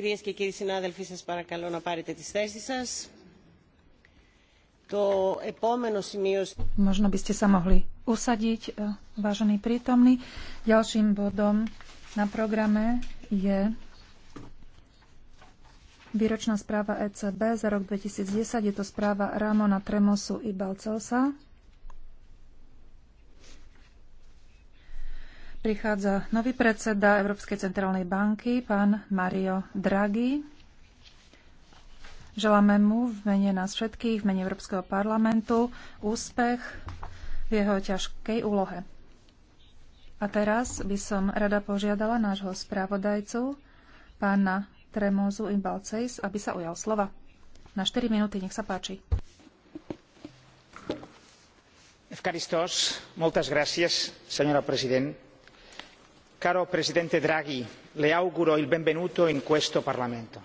Κυρίες και κύριοι συνάδελφοι, σας παρακαλώ να πάρετε τις θέσεις σας. To επόμενο σημείο... Možno by ste sa mohli usadiť, vážení prítomný. Ďalším bodom na programe je výročná správa ECB za rok 2010. Je to správa Ramona Tremosu i Balcelsa. Prichádza nový predseda Európskej centrálnej banky, pán Mario Draghi. Želáme mu v mene nás všetkých, v mene Európskeho parlamentu, úspech v jeho ťažkej úlohe. A teraz by som rada požiadala nášho správodajcu, pána Tremozu Imbalcejs, aby sa ujal slova. Na 4 minúty, nech sa páči. Ευχαριστώ. Moltes gràcies, senyora president. Caro presidente Draghi, le auguro il benvenuto in questo Parlamento.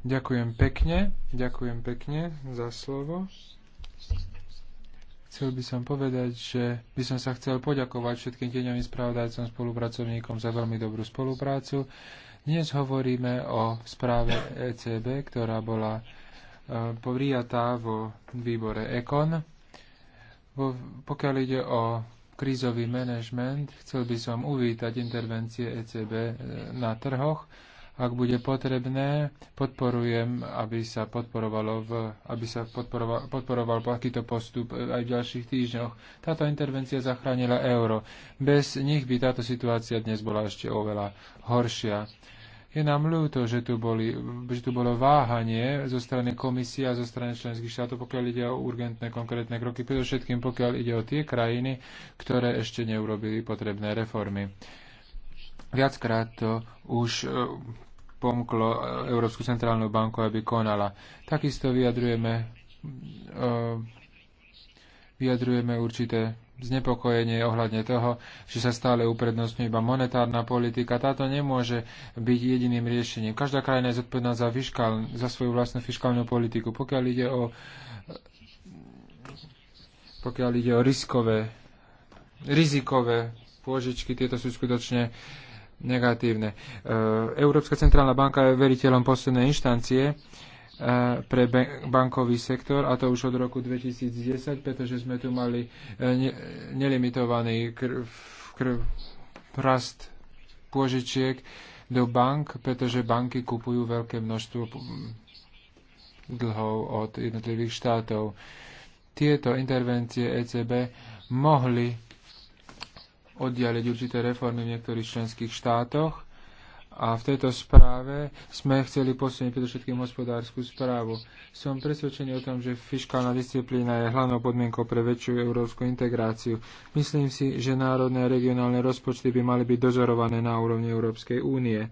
Ďakujem pekne, ďakujem pekne za slovo. Chcel by som povedať, že by som sa chcel poďakovať všetkým tieňovým spravodajcom, spolupracovníkom za veľmi dobrú spoluprácu. Dnes hovoríme o správe ECB, ktorá bola e, prijatá vo výbore ECON. Pokiaľ ide o krízový manažment, chcel by som uvítať intervencie ECB e, na trhoch. Ak bude potrebné, podporujem, aby sa, podporovalo v, aby sa podporoval, podporoval takýto postup e, aj v ďalších týždňoch. Táto intervencia zachránila euro. Bez nich by táto situácia dnes bola ešte oveľa horšia. Je nám ľúto, že tu, boli, že tu bolo váhanie zo strany komisie a zo strany členských štátov, pokiaľ ide o urgentné konkrétne kroky, predovšetkým pokiaľ ide o tie krajiny, ktoré ešte neurobili potrebné reformy. Viackrát to už e, pomklo Európsku centrálnu banku, aby konala. Takisto vyjadrujeme, e, vyjadrujeme určité znepokojenie ohľadne toho, že sa stále uprednostňuje iba monetárna politika. Táto nemôže byť jediným riešením. Každá krajina je zodpovedná za, fiskál, za svoju vlastnú fiskálnu politiku. Pokiaľ ide o, pokiaľ ide o riskové, rizikové pôžičky, tieto sú skutočne negatívne. E, Európska centrálna banka je veriteľom poslednej inštancie pre bankový sektor a to už od roku 2010, pretože sme tu mali e, nelimitovaný krv, krv, rast pôžičiek do bank, pretože banky kupujú veľké množstvo dlhov od jednotlivých štátov. Tieto intervencie ECB mohli oddialiť určité reformy v niektorých členských štátoch, a v tejto správe sme chceli posunúť predovšetkým hospodárskú správu. Som presvedčený o tom, že fiskálna disciplína je hlavnou podmienkou pre väčšiu európsku integráciu. Myslím si, že národné a regionálne rozpočty by mali byť dozorované na úrovni Európskej únie.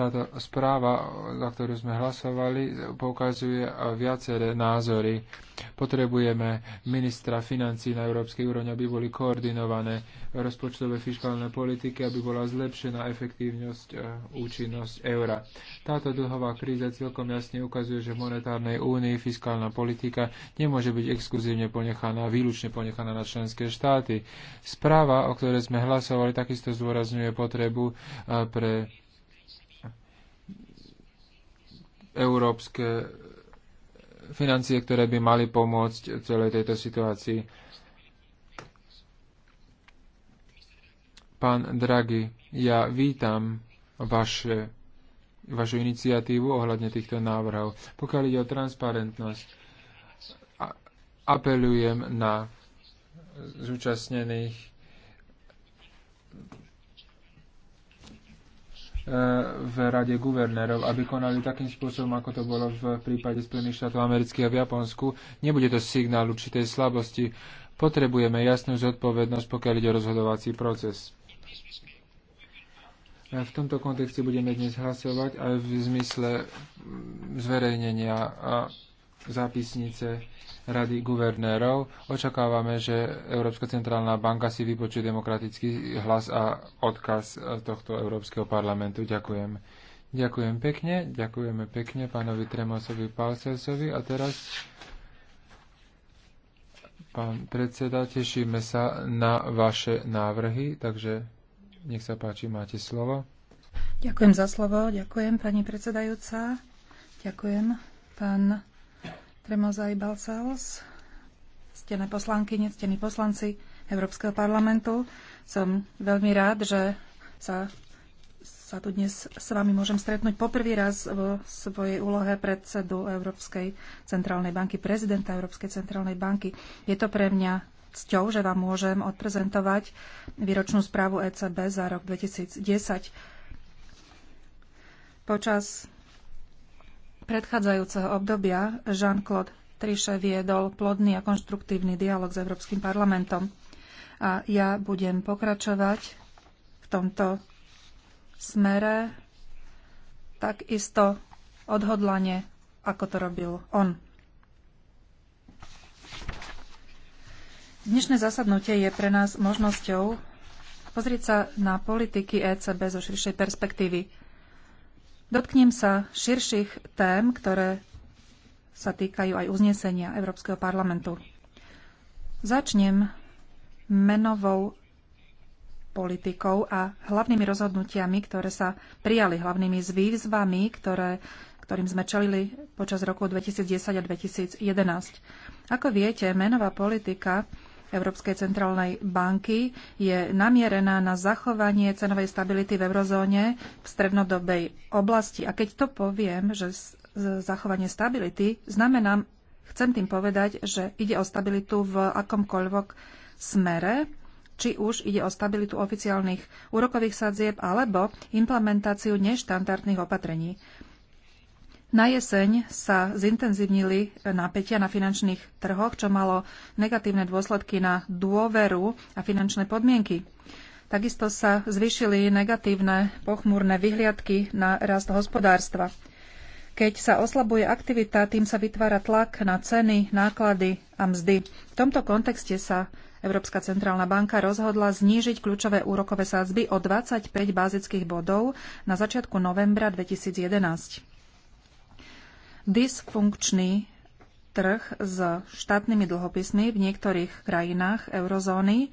Táto správa, za ktorú sme hlasovali, poukazuje viaceré názory. Potrebujeme ministra financí na európskej úrovni, aby boli koordinované rozpočtové fiskálne politiky, aby bola zlepšená efektívnosť a e, účinnosť eura. Táto dlhová kríza celkom jasne ukazuje, že v monetárnej únii fiskálna politika nemôže byť exkluzívne ponechaná, výlučne ponechaná na členské štáty. Správa, o ktorej sme hlasovali, takisto zdôrazňuje potrebu e, pre európske financie, ktoré by mali pomôcť celej tejto situácii. Pán Draghi, ja vítam vaše, vašu iniciatívu ohľadne týchto návrhov. Pokiaľ ide o transparentnosť, apelujem na zúčastnených v Rade guvernérov, aby konali takým spôsobom, ako to bolo v prípade Spojených štátov amerických a v Japonsku. Nebude to signál určitej slabosti. Potrebujeme jasnú zodpovednosť, pokiaľ ide o rozhodovací proces. V tomto kontexte budeme dnes hlasovať aj v zmysle zverejnenia a zápisnice Rady guvernérov. Očakávame, že Európska centrálna banka si vypočuje demokratický hlas a odkaz eh, tohto Európskeho parlamentu. Ďakujem. Ďakujem pekne, ďakujeme pekne pánovi Tremosovi Palselsovi a teraz pán predseda, tešíme sa na vaše návrhy, takže nech sa páči, máte slovo. Ďakujem za slovo, ďakujem pani predsedajúca, ďakujem pán Remozaj Balsalos, stené poslanky, nectení poslanci Európskeho parlamentu. Som veľmi rád, že sa, sa tu dnes s vami môžem stretnúť poprvý raz vo svojej úlohe predsedu Európskej centrálnej banky, prezidenta Európskej centrálnej banky. Je to pre mňa cťou, že vám môžem odprezentovať výročnú správu ECB za rok 2010. Počas predchádzajúceho obdobia Jean-Claude Trichet viedol plodný a konštruktívny dialog s Európskym parlamentom. A ja budem pokračovať v tomto smere takisto odhodlane, ako to robil on. Dnešné zasadnutie je pre nás možnosťou pozrieť sa na politiky ECB zo širšej perspektívy. Dotknem sa širších tém, ktoré sa týkajú aj uznesenia Európskeho parlamentu. Začnem menovou politikou a hlavnými rozhodnutiami, ktoré sa prijali, hlavnými s výzvami, ktoré, ktorým sme čelili počas roku 2010 a 2011. Ako viete, menová politika Európskej centrálnej banky je namierená na zachovanie cenovej stability v eurozóne v strednodobej oblasti. A keď to poviem, že zachovanie stability, znamená, chcem tým povedať, že ide o stabilitu v akomkoľvek smere, či už ide o stabilitu oficiálnych úrokových sadzieb alebo implementáciu neštandardných opatrení. Na jeseň sa zintenzívnili napätia na finančných trhoch, čo malo negatívne dôsledky na dôveru a finančné podmienky. Takisto sa zvyšili negatívne pochmúrne vyhliadky na rast hospodárstva. Keď sa oslabuje aktivita, tým sa vytvára tlak na ceny, náklady a mzdy. V tomto kontexte sa Európska centrálna banka rozhodla znížiť kľúčové úrokové sázby o 25 bázických bodov na začiatku novembra 2011. Dysfunkčný trh s štátnymi dlhopismi v niektorých krajinách eurozóny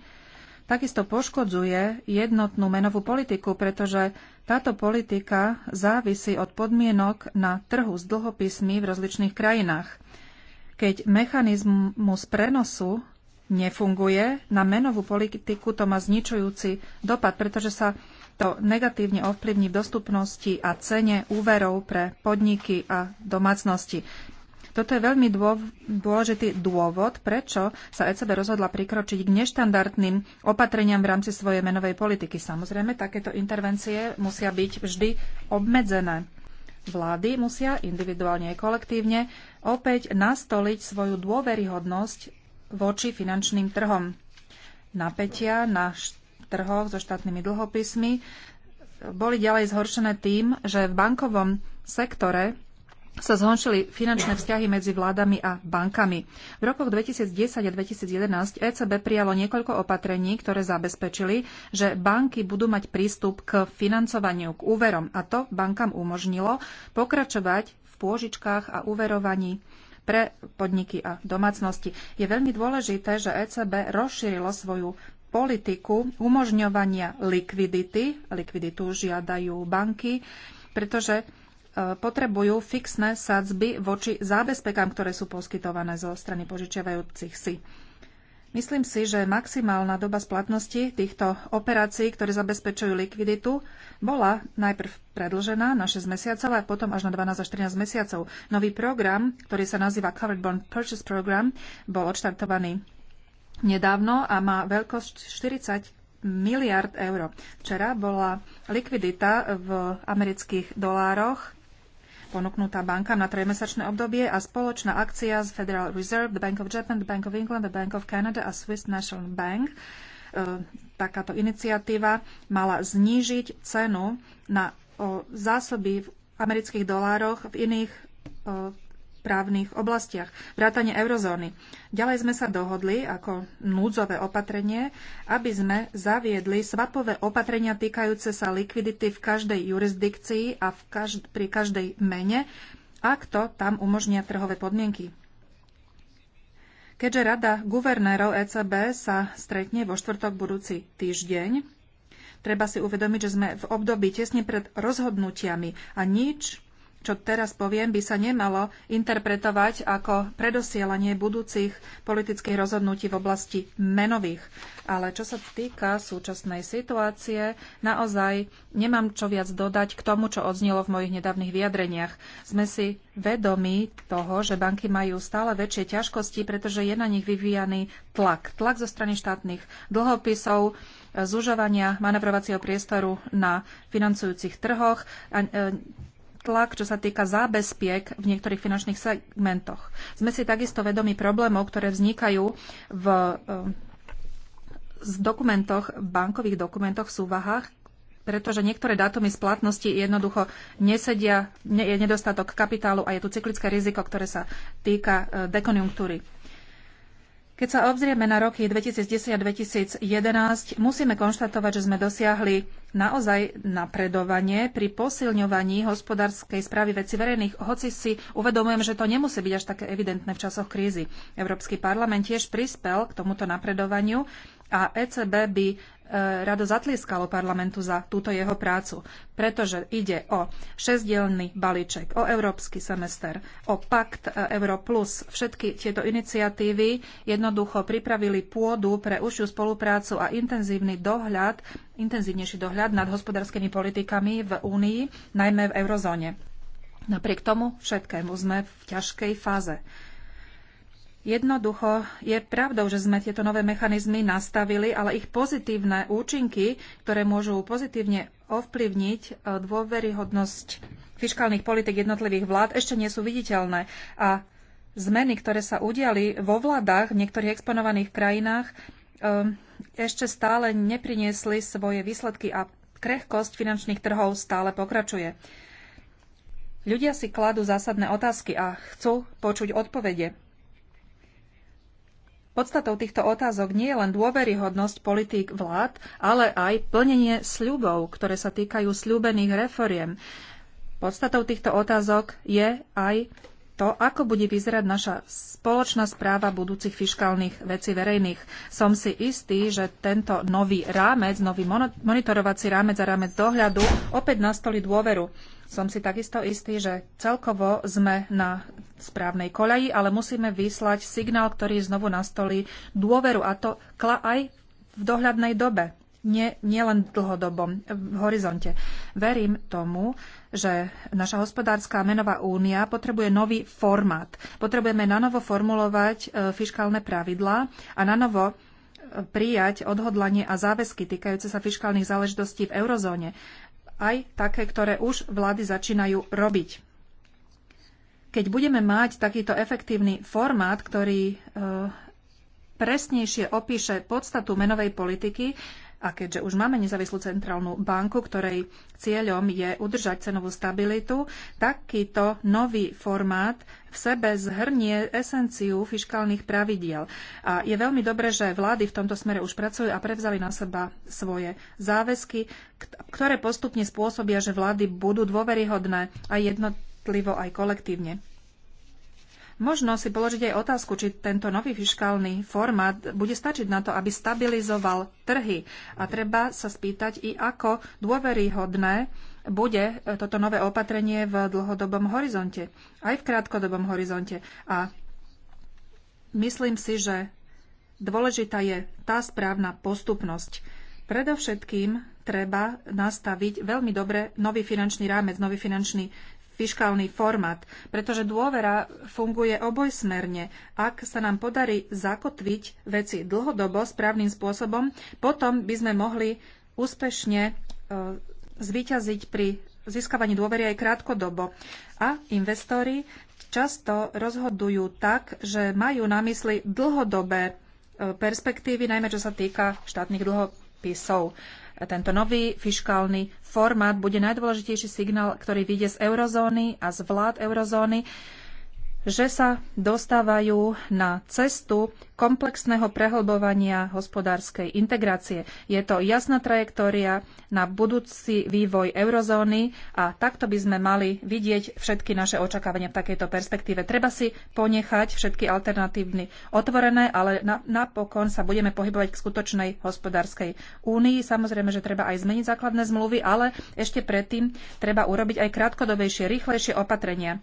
takisto poškodzuje jednotnú menovú politiku, pretože táto politika závisí od podmienok na trhu s dlhopismi v rozličných krajinách. Keď mechanizmus prenosu nefunguje, na menovú politiku to má zničujúci dopad, pretože sa to negatívne ovplyvní v dostupnosti a cene úverov pre podniky a domácnosti. Toto je veľmi dôležitý dôvod, prečo sa ECB rozhodla prikročiť k neštandardným opatreniam v rámci svojej menovej politiky. Samozrejme, takéto intervencie musia byť vždy obmedzené. Vlády musia individuálne a kolektívne opäť nastoliť svoju dôveryhodnosť voči finančným trhom. Napätia na št- trhoch so štátnymi dlhopismi boli ďalej zhoršené tým, že v bankovom sektore sa zhoršili finančné vzťahy medzi vládami a bankami. V rokoch 2010 a 2011 ECB prijalo niekoľko opatrení, ktoré zabezpečili, že banky budú mať prístup k financovaniu, k úverom a to bankám umožnilo pokračovať v pôžičkách a úverovaní pre podniky a domácnosti. Je veľmi dôležité, že ECB rozšírilo svoju politiku umožňovania likvidity. Likviditu žiadajú banky, pretože e, potrebujú fixné sadzby voči zábezpekám, ktoré sú poskytované zo strany požičiavajúcich si. Myslím si, že maximálna doba splatnosti týchto operácií, ktoré zabezpečujú likviditu, bola najprv predlžená na 6 mesiacov a potom až na 12 až 13 mesiacov. Nový program, ktorý sa nazýva Covered Bond Purchase Program, bol odštartovaný nedávno a má veľkosť 40 miliard eur. Včera bola likvidita v amerických dolároch ponúknutá bankám na trojmesačné obdobie a spoločná akcia z Federal Reserve, The Bank of Japan, The Bank of England, The Bank of Canada a Swiss National Bank. E, takáto iniciatíva mala znížiť cenu na zásoby v amerických dolároch v iných e, právnych oblastiach, vrátane eurozóny. Ďalej sme sa dohodli ako núdzové opatrenie, aby sme zaviedli svapové opatrenia týkajúce sa likvidity v každej jurisdikcii a v každ- pri každej mene, ak to tam umožnia trhové podmienky. Keďže Rada guvernérov ECB sa stretne vo štvrtok budúci týždeň, treba si uvedomiť, že sme v období tesne pred rozhodnutiami a nič čo teraz poviem, by sa nemalo interpretovať ako predosielanie budúcich politických rozhodnutí v oblasti menových. Ale čo sa týka súčasnej situácie, naozaj nemám čo viac dodať k tomu, čo odznelo v mojich nedávnych vyjadreniach. Sme si vedomi toho, že banky majú stále väčšie ťažkosti, pretože je na nich vyvíjaný tlak. Tlak zo strany štátnych dlhopisov, zužovania manevrovacieho priestoru na financujúcich trhoch a e, tlak, čo sa týka zábezpiek v niektorých finančných segmentoch. Sme si takisto vedomi problémov, ktoré vznikajú v eh, z dokumentoch, bankových dokumentoch, v súvahách, pretože niektoré dátumy splatnosti jednoducho nesedia, je nedostatok kapitálu a je tu cyklické riziko, ktoré sa týka eh, dekonjunktúry. Keď sa obzrieme na roky 2010 a 2011, musíme konštatovať, že sme dosiahli naozaj napredovanie pri posilňovaní hospodárskej správy veci verejných, hoci si uvedomujem, že to nemusí byť až také evidentné v časoch krízy. Európsky parlament tiež prispel k tomuto napredovaniu a ECB by e, rado zatlieskalo parlamentu za túto jeho prácu, pretože ide o šesdielny balíček, o európsky semester, o pakt e, Euro+. Plus. Všetky tieto iniciatívy jednoducho pripravili pôdu pre užšiu spoluprácu a intenzívny dohľad, intenzívnejší dohľad nad hospodárskymi politikami v Únii, najmä v eurozóne. Napriek tomu všetkému sme v ťažkej fáze. Jednoducho je pravdou, že sme tieto nové mechanizmy nastavili, ale ich pozitívne účinky, ktoré môžu pozitívne ovplyvniť e, dôveryhodnosť fiskálnych politik jednotlivých vlád, ešte nie sú viditeľné. A zmeny, ktoré sa udiali vo vládach v niektorých exponovaných krajinách, e, ešte stále nepriniesli svoje výsledky a krehkosť finančných trhov stále pokračuje. Ľudia si kladú zásadné otázky a chcú počuť odpovede. Podstatou týchto otázok nie je len dôveryhodnosť politík vlád, ale aj plnenie sľubov, ktoré sa týkajú sľúbených reforiem. Podstatou týchto otázok je aj to, ako bude vyzerať naša spoločná správa budúcich fiškálnych vecí verejných. Som si istý, že tento nový rámec, nový monitorovací rámec a rámec dohľadu opäť nastoli dôveru som si takisto istý, že celkovo sme na správnej koleji, ale musíme vyslať signál, ktorý znovu nastolí dôveru a to kla aj v dohľadnej dobe, nie, nie len dlhodobom v horizonte. Verím tomu, že naša hospodárska menová únia potrebuje nový formát. Potrebujeme nanovo formulovať e, fiskálne pravidlá a nanovo e, prijať odhodlanie a záväzky týkajúce sa fiskálnych záležitostí v eurozóne aj také, ktoré už vlády začínajú robiť. Keď budeme mať takýto efektívny formát, ktorý e, presnejšie opíše podstatu menovej politiky, a keďže už máme nezávislú centrálnu banku, ktorej cieľom je udržať cenovú stabilitu, takýto nový formát v sebe zhrnie esenciu fiškálnych pravidiel. A je veľmi dobré, že vlády v tomto smere už pracujú a prevzali na seba svoje záväzky, ktoré postupne spôsobia, že vlády budú dôveryhodné a jednotlivo aj kolektívne. Možno si položiť aj otázku, či tento nový fiskálny formát bude stačiť na to, aby stabilizoval trhy. A treba sa spýtať i ako dôveryhodné bude toto nové opatrenie v dlhodobom horizonte, aj v krátkodobom horizonte. A myslím si, že dôležitá je tá správna postupnosť. Predovšetkým treba nastaviť veľmi dobre nový finančný rámec, nový finančný fiškálny format, pretože dôvera funguje obojsmerne. Ak sa nám podarí zakotviť veci dlhodobo správnym spôsobom, potom by sme mohli úspešne e, zvíťaziť pri získavaní dôvery aj krátkodobo. A investori často rozhodujú tak, že majú na mysli dlhodobé e, perspektívy, najmä čo sa týka štátnych dlhopisov tento nový fiškálny formát bude najdôležitejší signál, ktorý vyjde z eurozóny a z vlád eurozóny že sa dostávajú na cestu komplexného prehlbovania hospodárskej integrácie. Je to jasná trajektória na budúci vývoj eurozóny a takto by sme mali vidieť všetky naše očakávania v takejto perspektíve. Treba si ponechať všetky alternatívny otvorené, ale na, napokon sa budeme pohybovať k skutočnej hospodárskej únii. Samozrejme, že treba aj zmeniť základné zmluvy, ale ešte predtým treba urobiť aj krátkodobejšie, rýchlejšie opatrenia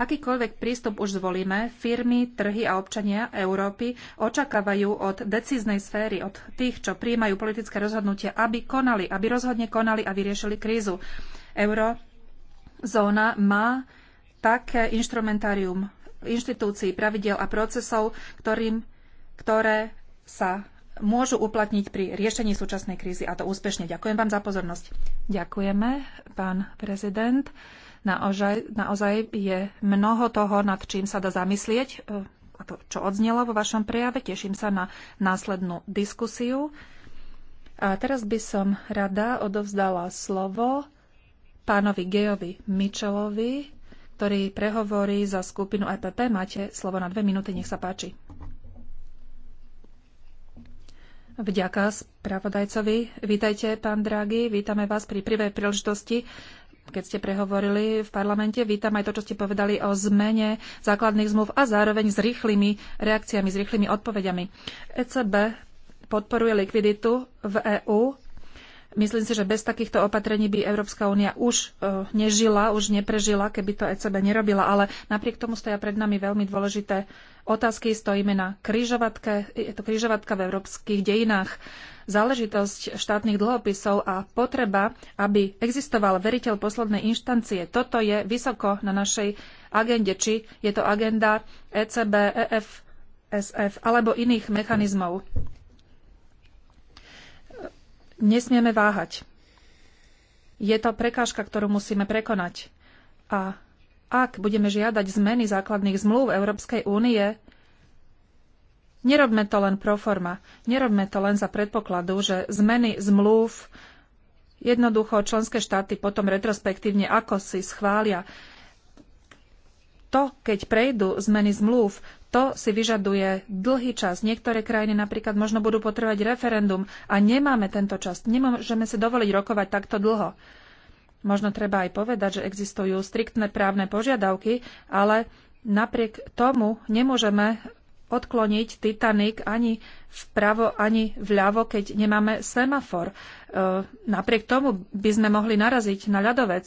Akýkoľvek prístup už zvolíme, firmy, trhy a občania Európy očakávajú od decíznej sféry, od tých, čo príjmajú politické rozhodnutia, aby konali, aby rozhodne konali a vyriešili krízu. Eurozóna má také inštrumentárium inštitúcií, pravidel a procesov, ktorým, ktoré sa môžu uplatniť pri riešení súčasnej krízy a to úspešne. Ďakujem vám za pozornosť. Ďakujeme, pán prezident. Naozaj, naozaj je mnoho toho, nad čím sa dá zamyslieť e, a to, čo odznelo vo vašom prejave. Teším sa na následnú diskusiu. A teraz by som rada odovzdala slovo pánovi Gejovi Mičelovi, ktorý prehovorí za skupinu EPP. Máte slovo na dve minúty, nech sa páči. Vďaka spravodajcovi. Vítajte, pán Draghi. Vítame vás pri prvej príležitosti keď ste prehovorili v parlamente. Vítam aj to, čo ste povedali o zmene základných zmluv a zároveň s rýchlymi reakciami, s rýchlymi odpovediami. ECB podporuje likviditu v EÚ. Myslím si, že bez takýchto opatrení by Európska únia už e, nežila, už neprežila, keby to ECB nerobila. Ale napriek tomu stoja pred nami veľmi dôležité otázky. Stojíme na križovatke, je to kryžovatka v európskych dejinách záležitosť štátnych dlhopisov a potreba, aby existoval veriteľ poslednej inštancie. Toto je vysoko na našej agende, či je to agenda ECB, EFSF alebo iných mechanizmov. Nesmieme váhať. Je to prekážka, ktorú musíme prekonať. A ak budeme žiadať zmeny základných zmluv Európskej únie, Nerobme to len pro forma, nerobme to len za predpokladu, že zmeny zmluv jednoducho členské štáty potom retrospektívne ako si schvália. To, keď prejdú zmeny zmluv, to si vyžaduje dlhý čas. Niektoré krajiny napríklad možno budú potrebovať referendum a nemáme tento čas. Nemôžeme si dovoliť rokovať takto dlho. Možno treba aj povedať, že existujú striktné právne požiadavky, ale napriek tomu nemôžeme odkloniť Titanic ani vpravo, ani vľavo, keď nemáme semafor. E, napriek tomu by sme mohli naraziť na ľadovec.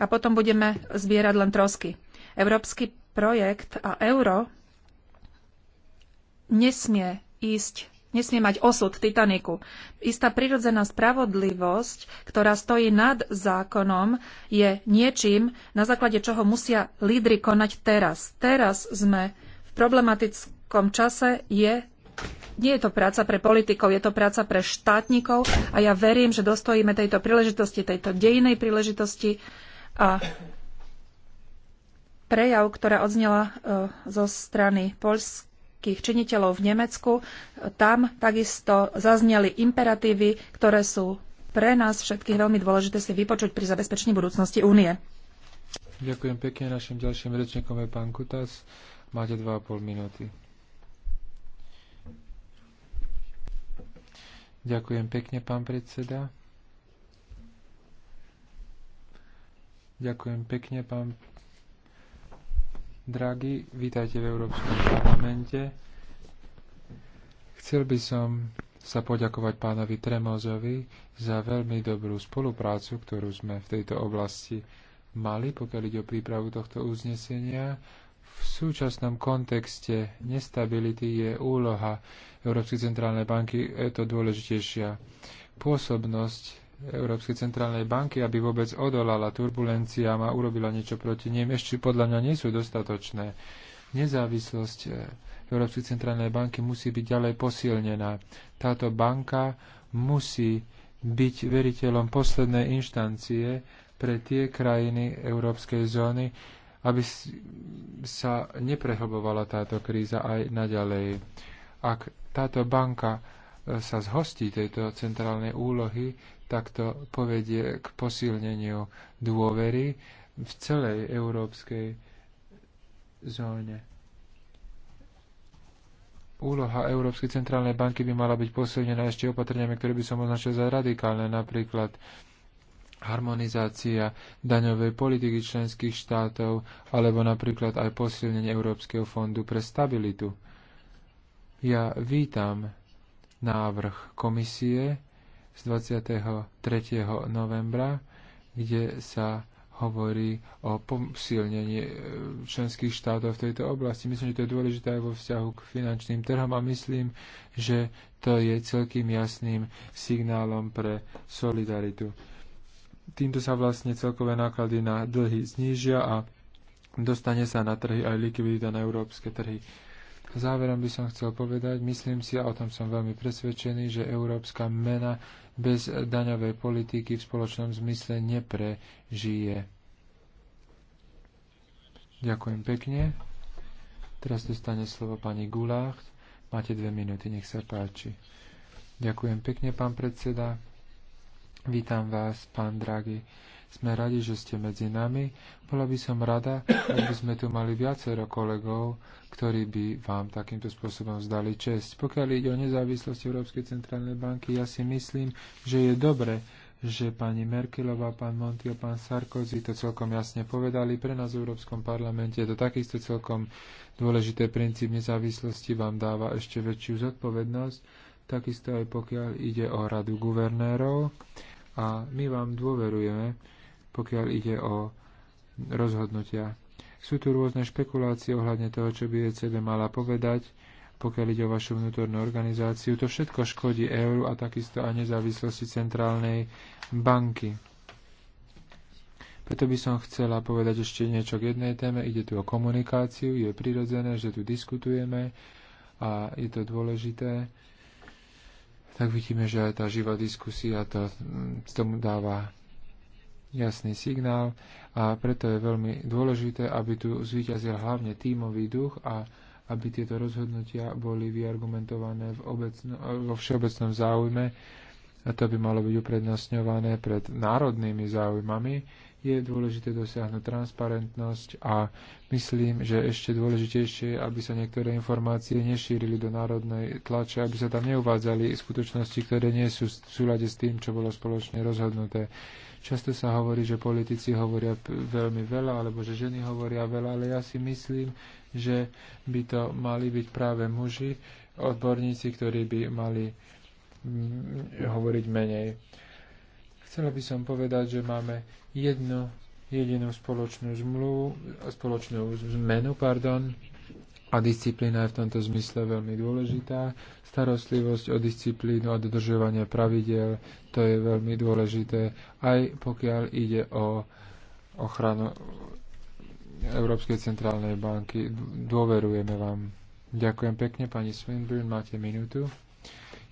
A potom budeme zbierať len trosky. Európsky projekt a euro nesmie ísť nesmie mať osud Titaniku. Istá prirodzená spravodlivosť, ktorá stojí nad zákonom, je niečím, na základe čoho musia lídry konať teraz. Teraz sme v problematickom čase, je, nie je to práca pre politikov, je to práca pre štátnikov a ja verím, že dostojíme tejto príležitosti, tejto dejnej príležitosti a prejav, ktorá odznela eh, zo strany Polska, vysokých činiteľov v Nemecku. Tam takisto zazneli imperatívy, ktoré sú pre nás všetkých veľmi dôležité si vypočuť pri zabezpečení budúcnosti únie. Ďakujem pekne. Našim ďalším rečníkom je pán Kutas. Máte 2,5 minúty. Ďakujem pekne, pán predseda. Ďakujem pekne, pán Dragi, vítajte v Európskom parlamente. Chcel by som sa poďakovať pánovi Tremozovi za veľmi dobrú spoluprácu, ktorú sme v tejto oblasti mali, pokiaľ ide o prípravu tohto uznesenia. V súčasnom kontexte nestability je úloha Európskej centrálnej banky je to dôležitejšia. Pôsobnosť Európskej centrálnej banky, aby vôbec odolala turbulenciám a urobila niečo proti nim, ešte podľa mňa nie sú dostatočné. Nezávislosť e, Európskej centrálnej banky musí byť ďalej posilnená. Táto banka musí byť veriteľom poslednej inštancie pre tie krajiny Európskej zóny, aby sa neprehlbovala táto kríza aj naďalej. Ak táto banka e, sa zhostí tejto centrálnej úlohy, tak to povedie k posilneniu dôvery v celej európskej zóne. Úloha Európskej centrálnej banky by mala byť posilnená ešte opatreniami, ktoré by som označil za radikálne, napríklad harmonizácia daňovej politiky členských štátov alebo napríklad aj posilnenie Európskeho fondu pre stabilitu. Ja vítam návrh komisie z 23. novembra, kde sa hovorí o posilnení e, členských štátov v tejto oblasti. Myslím, že to je dôležité aj vo vzťahu k finančným trhom a myslím, že to je celkým jasným signálom pre solidaritu. Týmto sa vlastne celkové náklady na dlhy znížia a dostane sa na trhy aj likvidita na európske trhy. Záverom by som chcel povedať, myslím si, a o tom som veľmi presvedčený, že európska mena bez daňovej politiky v spoločnom zmysle neprežije. Ďakujem pekne. Teraz dostane slovo pani Gulácht. Máte dve minúty, nech sa páči. Ďakujem pekne, pán predseda. Vítam vás, pán Draghi sme radi, že ste medzi nami. Bola by som rada, ak by sme tu mali viacero kolegov, ktorí by vám takýmto spôsobom vzdali čest. Pokiaľ ide o nezávislosť Európskej centrálnej banky, ja si myslím, že je dobre, že pani Merkelová, pán Monti a pán Sarkozy to celkom jasne povedali. Pre nás v Európskom parlamente je to takisto celkom dôležité princíp nezávislosti, vám dáva ešte väčšiu zodpovednosť, takisto aj pokiaľ ide o radu guvernérov. A my vám dôverujeme, pokiaľ ide o rozhodnutia. Sú tu rôzne špekulácie ohľadne toho, čo by ECB mala povedať, pokiaľ ide o vašu vnútornú organizáciu. To všetko škodí euru a takisto aj nezávislosti centrálnej banky. Preto by som chcela povedať ešte niečo k jednej téme. Ide tu o komunikáciu, je prirodzené, že tu diskutujeme a je to dôležité. Tak vidíme, že aj tá živá diskusia to, mm, tomu dáva jasný signál a preto je veľmi dôležité, aby tu zvíťazil hlavne tímový duch a aby tieto rozhodnutia boli vyargumentované v obecno, vo všeobecnom záujme a to by malo byť uprednostňované pred národnými záujmami. Je dôležité dosiahnuť transparentnosť a myslím, že ešte dôležitejšie je, aby sa niektoré informácie nešírili do národnej tlače, aby sa tam neuvádzali skutočnosti, ktoré nie sú v súlade s tým, čo bolo spoločne rozhodnuté. Často sa hovorí, že politici hovoria veľmi veľa, alebo že ženy hovoria veľa, ale ja si myslím, že by to mali byť práve muži, odborníci, ktorí by mali mm, hovoriť menej. Chcela by som povedať, že máme jednu jedinú spoločnú zmluvu, spoločnú zmenu, pardon, a disciplína je v tomto zmysle veľmi dôležitá. Starostlivosť o disciplínu a dodržovanie pravidel, to je veľmi dôležité, aj pokiaľ ide o ochranu Európskej centrálnej banky. Dôverujeme vám. Ďakujem pekne, pani Swinburne, máte minútu.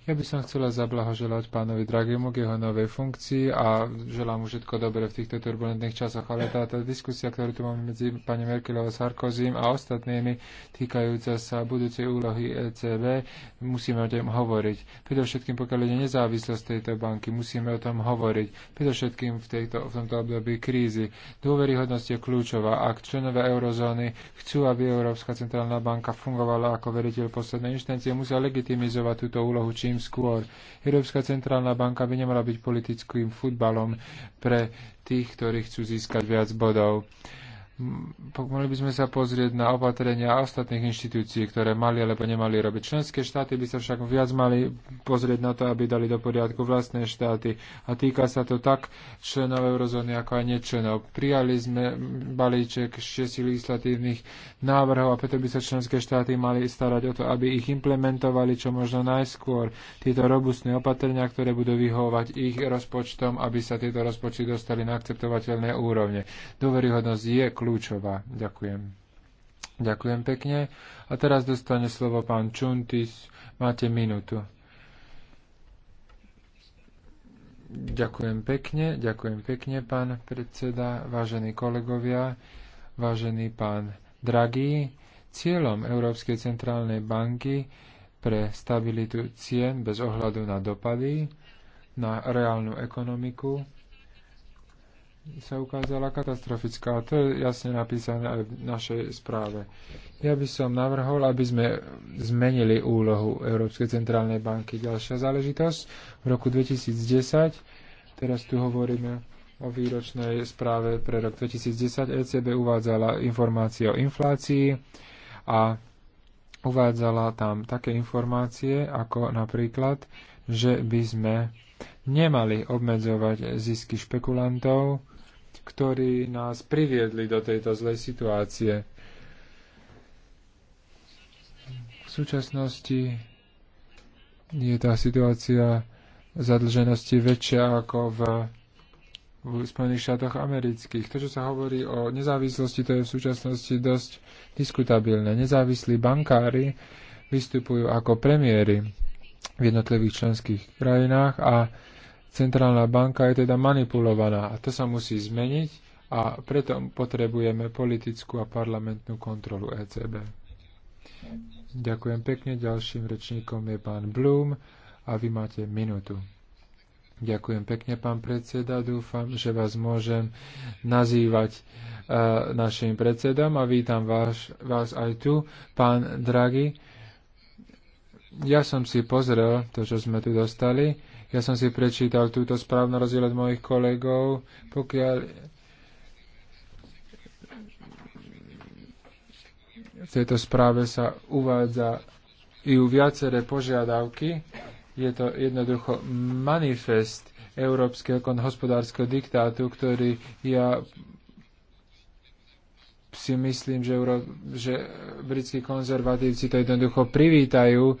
Ja by som chcela zablahoželať pánovi Dragému k jeho novej funkcii a želám mu všetko dobre v týchto turbulentných časoch, ale táto diskusia, ktorú tu máme medzi pani Merkelovou Sarkozím a ostatnými týkajúca sa budúcej úlohy ECB, musíme o tom hovoriť. Predovšetkým pokiaľ je nezávislosť tejto banky, musíme o tom hovoriť. Predovšetkým v, tejto, v tomto období krízy. Dôveryhodnosť je kľúčová. Ak členové eurozóny chcú, aby Európska centrálna banka fungovala ako veriteľ poslednej inštancie, musia legitimizovať túto úlohu čím čím skôr. Európska centrálna banka by nemala byť politickým futbalom pre tých, ktorí chcú získať viac bodov mohli by sme sa pozrieť na opatrenia ostatných inštitúcií, ktoré mali alebo nemali robiť. Členské štáty by sa však viac mali pozrieť na to, aby dali do poriadku vlastné štáty. A týka sa to tak členov eurozóny, ako aj nečlenov. Prijali sme balíček šiestich legislatívnych návrhov a preto by sa členské štáty mali starať o to, aby ich implementovali čo možno najskôr. Tieto robustné opatrenia, ktoré budú vyhovovať ich rozpočtom, aby sa tieto rozpočty dostali na akceptovateľné úrovne. Dôveryhodnosť je kľúč kľúčová. Ďakujem. Ďakujem pekne. A teraz dostane slovo pán Čuntis. Máte minútu. Ďakujem pekne, ďakujem pekne, pán predseda, vážení kolegovia, vážený pán Dragý. Cieľom Európskej centrálnej banky pre stabilitu cien bez ohľadu na dopady na reálnu ekonomiku sa ukázala katastrofická. A to je jasne napísané aj v našej správe. Ja by som navrhol, aby sme zmenili úlohu Európskej centrálnej banky. Ďalšia záležitosť. V roku 2010, teraz tu hovoríme o výročnej správe pre rok 2010, ECB uvádzala informácie o inflácii a uvádzala tam také informácie, ako napríklad, že by sme nemali obmedzovať zisky špekulantov, ktorí nás priviedli do tejto zlej situácie. V súčasnosti je tá situácia zadlženosti väčšia ako v, v Spojených štátoch amerických. To, čo sa hovorí o nezávislosti, to je v súčasnosti dosť diskutabilné. Nezávislí bankári vystupujú ako premiéry v jednotlivých členských krajinách a centrálna banka je teda manipulovaná a to sa musí zmeniť a preto potrebujeme politickú a parlamentnú kontrolu ECB. Ďakujem pekne. Ďalším rečníkom je pán Blum a vy máte minútu. Ďakujem pekne, pán predseda. Dúfam, že vás môžem nazývať uh, našim predsedom a vítam vás, vás aj tu, pán Draghi. Ja som si pozrel to, čo sme tu dostali ja som si prečítal túto správnu rozdiel od mojich kolegov. Pokiaľ v tejto správe sa uvádza i u viaceré požiadavky, je to jednoducho manifest európskeho hospodárskeho diktátu, ktorý ja si myslím, že, Euró- že britskí konzervatívci to jednoducho privítajú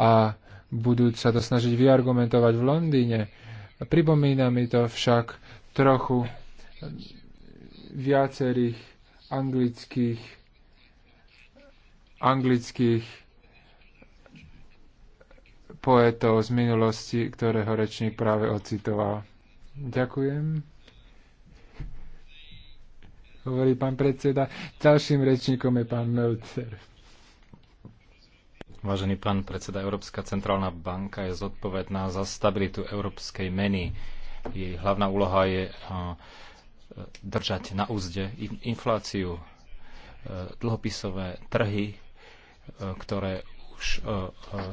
a budú sa to snažiť vyargumentovať v Londýne. Pripomína mi to však trochu viacerých anglických anglických poetov z minulosti, ktorého rečník práve ocitoval. Ďakujem. Hovorí pán predseda. Ďalším rečníkom je pán Meltzer. Vážený pán predseda, Európska centrálna banka je zodpovedná za stabilitu európskej meny. Jej hlavná úloha je eh, držať na úzde infláciu. Eh, dlhopisové trhy, eh, ktoré už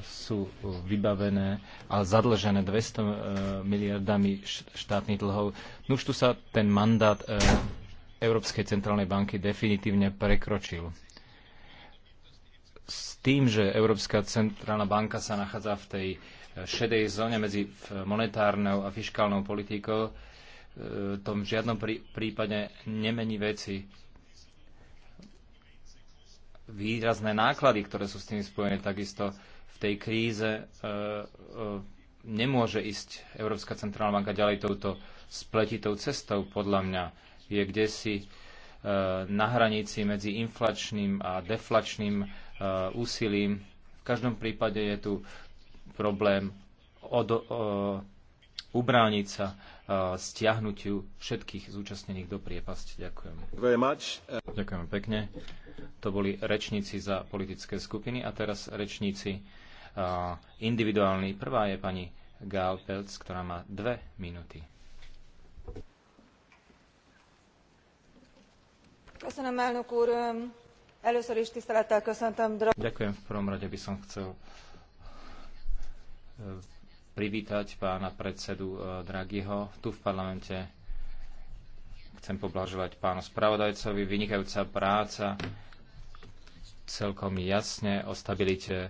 sú vybavené a zadlžené 200 miliardami štátnych dlhov. No už tu sa ten mandát Európskej centrálnej banky definitívne prekročil s tým, že Európska centrálna banka sa nachádza v tej eh, šedej zóne medzi eh, monetárnou a fiskálnou politikou, eh, v tom žiadnom prípade nemení veci. Výrazné náklady, ktoré sú s tým spojené, takisto v tej kríze nemôže ísť Európska centrálna banka ďalej touto spletitou cestou, podľa mňa. Je kde si na hranici medzi inflačným a deflačným Uh, úsilím. V každom prípade je tu problém od, o, uh, ubrániť sa uh, stiahnutiu všetkých zúčastnených do priepasti. Ďakujem. Ďakujem pekne. To boli rečníci za politické skupiny a teraz rečníci o, individuálni. Prvá je pani Gál Pelc, ktorá má dve minúty. Köszönöm, elnök úr! Ďakujem. V prvom rade by som chcel e, privítať pána predsedu e, Draghiho tu v parlamente. Chcem poblažovať pánu spravodajcovi. Vynikajúca práca celkom jasne o stabilite e,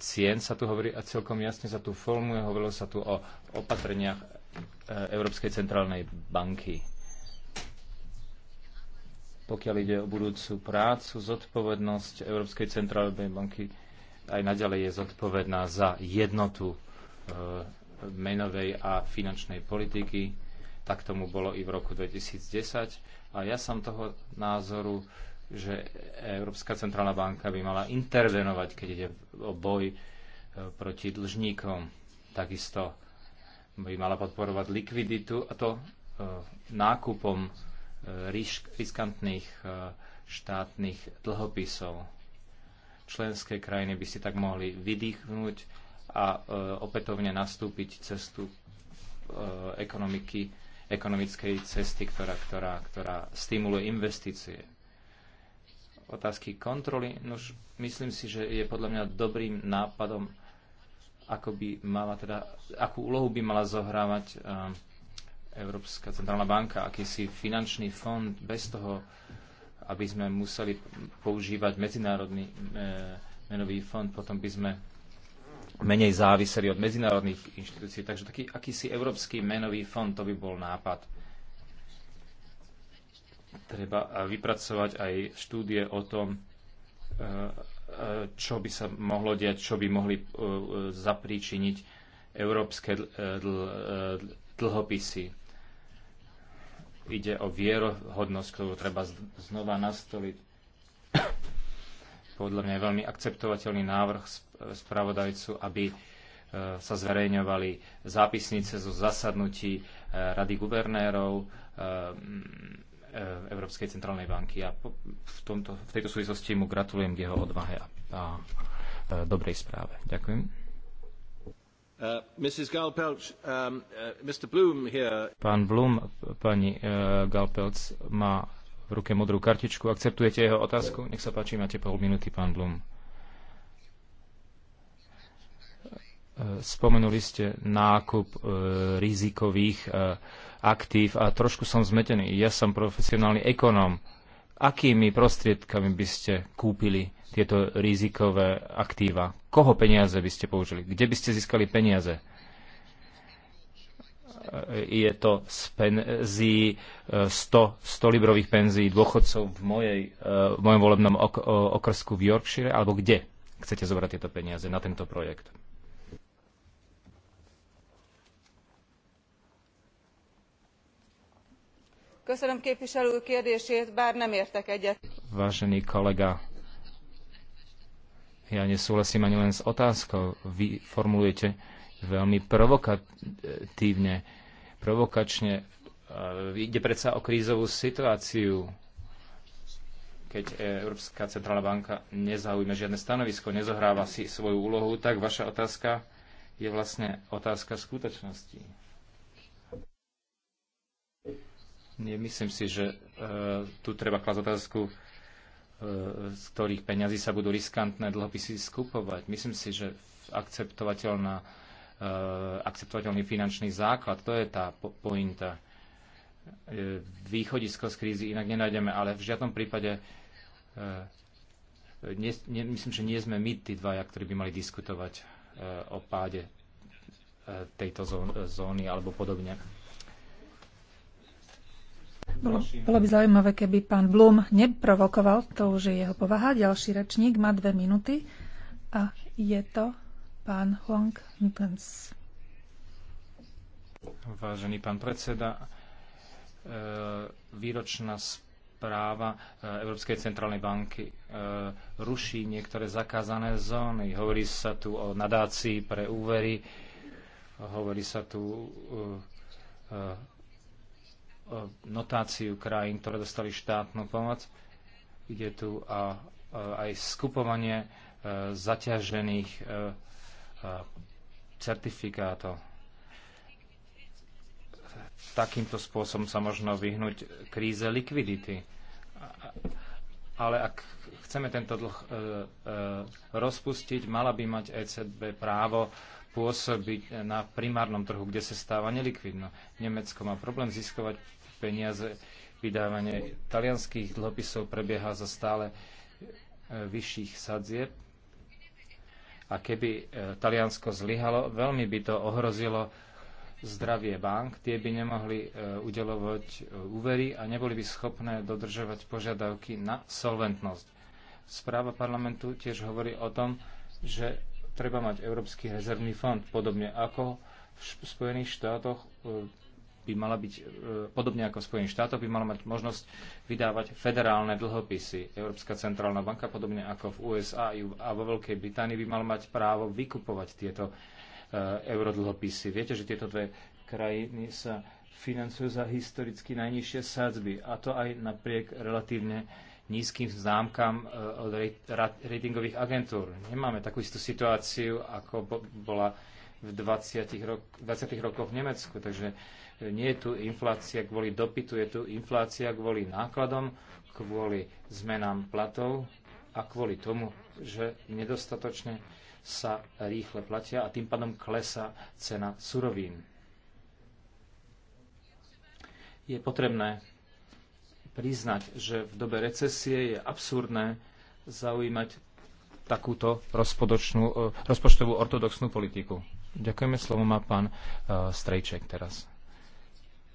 cien sa tu hovorí a celkom jasne sa tu formuje. Hovorilo sa tu o opatreniach Európskej centrálnej banky pokiaľ ide o budúcu prácu, zodpovednosť Európskej centrálnej banky aj naďalej je zodpovedná za jednotu e, menovej a finančnej politiky. Tak tomu bolo i v roku 2010. A ja som toho názoru, že Európska centrálna banka by mala intervenovať, keď ide o boj e, proti dlžníkom. Takisto by mala podporovať likviditu a to e, nákupom riskantných e, štátnych dlhopisov. Členské krajiny by si tak mohli vydýchnuť a e, opätovne nastúpiť cestu e, ekonomiky, ekonomickej cesty, ktorá, ktorá, ktorá stimuluje investície. Otázky kontroly. Nož, myslím si, že je podľa mňa dobrým nápadom, ako by mala teda, akú úlohu by mala zohrávať Európska centrálna banka, akýsi finančný fond bez toho, aby sme museli používať medzinárodný e, menový fond, potom by sme menej záviseli od medzinárodných inštitúcií. Takže taký akýsi Európsky menový fond, to by bol nápad. Treba vypracovať aj štúdie o tom, e, e čo by sa mohlo diať, čo by mohli e, e, zapríčiniť európske dlhopisy. Ide o vierohodnosť, ktorú treba znova nastoliť. Podľa mňa je veľmi akceptovateľný návrh spravodajcu, aby e, sa zverejňovali zápisnice zo zasadnutí e, Rady guvernérov e, Európskej centrálnej banky. A v, tomto, v tejto súvislosti mu gratulujem k jeho odvahe a, a dobrej správe. Ďakujem. Uh, pán um, uh, Blum, pani uh, Galpelc má v ruke modrú kartičku. Akceptujete jeho otázku? Nech sa páči, máte pol minúty, pán Blum. Uh, spomenuli ste nákup rizikových aktív a trošku som zmetený. Ja som profesionálny ekonóm. Akými prostriedkami by ste kúpili tieto rizikové aktíva? Koho peniaze by ste použili? Kde by ste získali peniaze? E, je to z penzí 100, e, 100 librových penzí dôchodcov v, mojej, e, v mojom volebnom ok, okrsku v Yorkshire? Alebo kde chcete zobrať tieto peniaze na tento projekt? Vážený kolega, ja nesúhlasím ani len s otázkou. Vy formulujete veľmi provokatívne, provokačne. E, ide predsa o krízovú situáciu, keď e, Európska centrálna banka nezaujíma žiadne stanovisko, nezohráva si svoju úlohu, tak vaša otázka je vlastne otázka skutočnosti. Nemyslím si, že uh, tu treba klasť otázku E, z ktorých peňazí sa budú riskantné dlhopisy skupovať. Myslím si, že akceptovateľná, e, akceptovateľný finančný základ, to je tá pointa. E, východisko z krízy inak nenájdeme, ale v žiadnom prípade nie, nie, myslím, že nie sme my tí dvaja, ktorí by mali diskutovať o páde tejto zóny alebo podobne. Bolo, bolo by zaujímavé, keby pán Blum neprovokoval, to už je jeho povaha. Ďalší rečník má dve minúty a je to pán Huang Ntens. Vážený pán predseda, e, výročná správa e, Európskej centrálnej banky e, ruší niektoré zakázané zóny. Hovorí sa tu o nadácii pre úvery, hovorí sa tu E, notáciu krajín, ktoré dostali štátnu pomoc. Ide tu a, a e, aj skupovanie e, zaťažených certifikátov. Takýmto spôsobom sa možno vyhnúť kríze likvidity. Ale ak chceme tento dlh rozpustiť, mala by mať ECB právo pôsobiť na primárnom trhu, kde sa stáva nelikvidno. Nemecko má problém získovať peniaze, vydávanie talianských dlhopisov prebieha za stále e, vyšších sadzieb. A keby e, Taliansko zlyhalo, veľmi by to ohrozilo zdravie bank. Tie by nemohli e, udelovať úvery a neboli by schopné dodržovať požiadavky na solventnosť. Správa parlamentu tiež hovorí o tom, že treba mať Európsky rezervný fond, podobne ako v Spojených štátoch e, by mala byť, e, podobne ako v Spojených štátoch, by mala mať možnosť vydávať federálne dlhopisy. Európska centrálna banka, podobne ako v USA a vo Veľkej Británii, by mala mať právo vykupovať tieto e, eurodlhopisy. Viete, že tieto dve krajiny sa financujú za historicky najnižšie sádzby, a to aj napriek relatívne uh, nízkym známkam e, od ratingových agentúr. Nemáme takú istú situáciu, ako bola v 20. Rok, 20. rokoch v Nemecku. Takže e, nie je tu inflácia kvôli dopytu, je tu inflácia kvôli nákladom, kvôli zmenám platov a kvôli tomu, že nedostatočne sa rýchle platia a tým pádom klesa cena surovín. Je potrebné priznať, že v dobe recesie je absurdné zaujímať takúto e, rozpočtovú ortodoxnú politiku. Ďakujeme, slovo má pán e, Strejček teraz.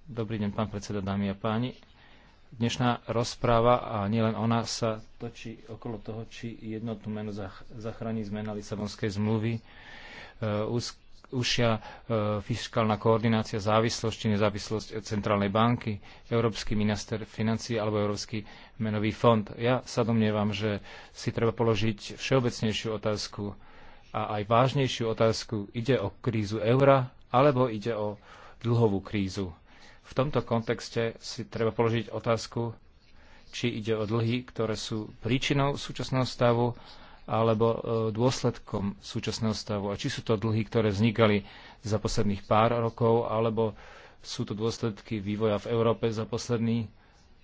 Dobrý deň, pán predseda, dámy a páni. Dnešná rozpráva, a nielen ona, sa točí okolo toho, či jednotnú menu zachráni zmena Lisabonskej zmluvy. E, Úzk užšia e, fiskálna koordinácia, závislosť či nezávislosť Centrálnej banky, Európsky minister financí alebo Európsky menový fond. Ja sa domnievam, že si treba položiť všeobecnejšiu otázku a aj vážnejšiu otázku. Ide o krízu eura alebo ide o dlhovú krízu. V tomto kontexte si treba položiť otázku, či ide o dlhy, ktoré sú príčinou súčasného stavu alebo e, dôsledkom súčasného stavu. A či sú to dlhy, ktoré vznikali za posledných pár rokov, alebo sú to dôsledky vývoja v Európe za posledný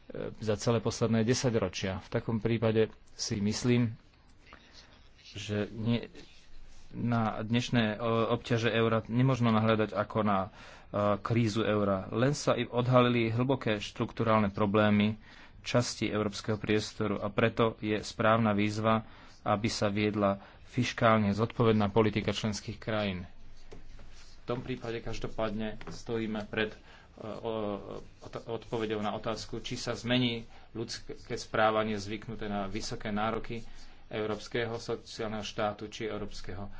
e, za celé posledné desaťročia. V takom prípade si myslím, že nie, na dnešné e, obťaže eura nemôžno nahľadať ako na krízu eura. Len sa odhalili hlboké štruktúrálne problémy časti európskeho priestoru a preto je správna výzva aby sa viedla fiškálne zodpovedná politika členských krajín. V tom prípade každopádne stojíme pred e, odpovedou na otázku, či sa zmení ľudské správanie zvyknuté na vysoké nároky európskeho sociálneho štátu či európskeho e,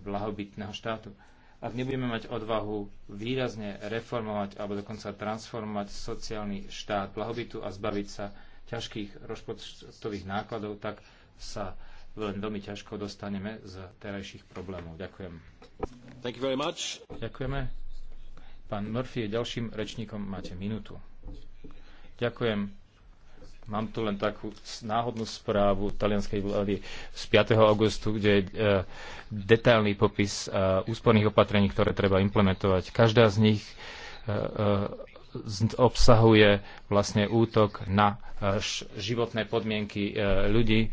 blahobytného štátu. Ak nebudeme mať odvahu výrazne reformovať alebo dokonca transformovať sociálny štát blahobytu a zbaviť sa ťažkých rozpočtových nákladov, tak sa len veľmi ťažko dostaneme z terajších problémov. Ďakujem. Thank you very much. Ďakujeme. Pán Murphy je ďalším rečníkom. Máte minútu. Ďakujem. Mám tu len takú náhodnú správu talianskej vlády z 5. augustu, kde je e, detailný popis e, úsporných opatrení, ktoré treba implementovať. Každá z nich e, obsahuje vlastne útok na životné podmienky ľudí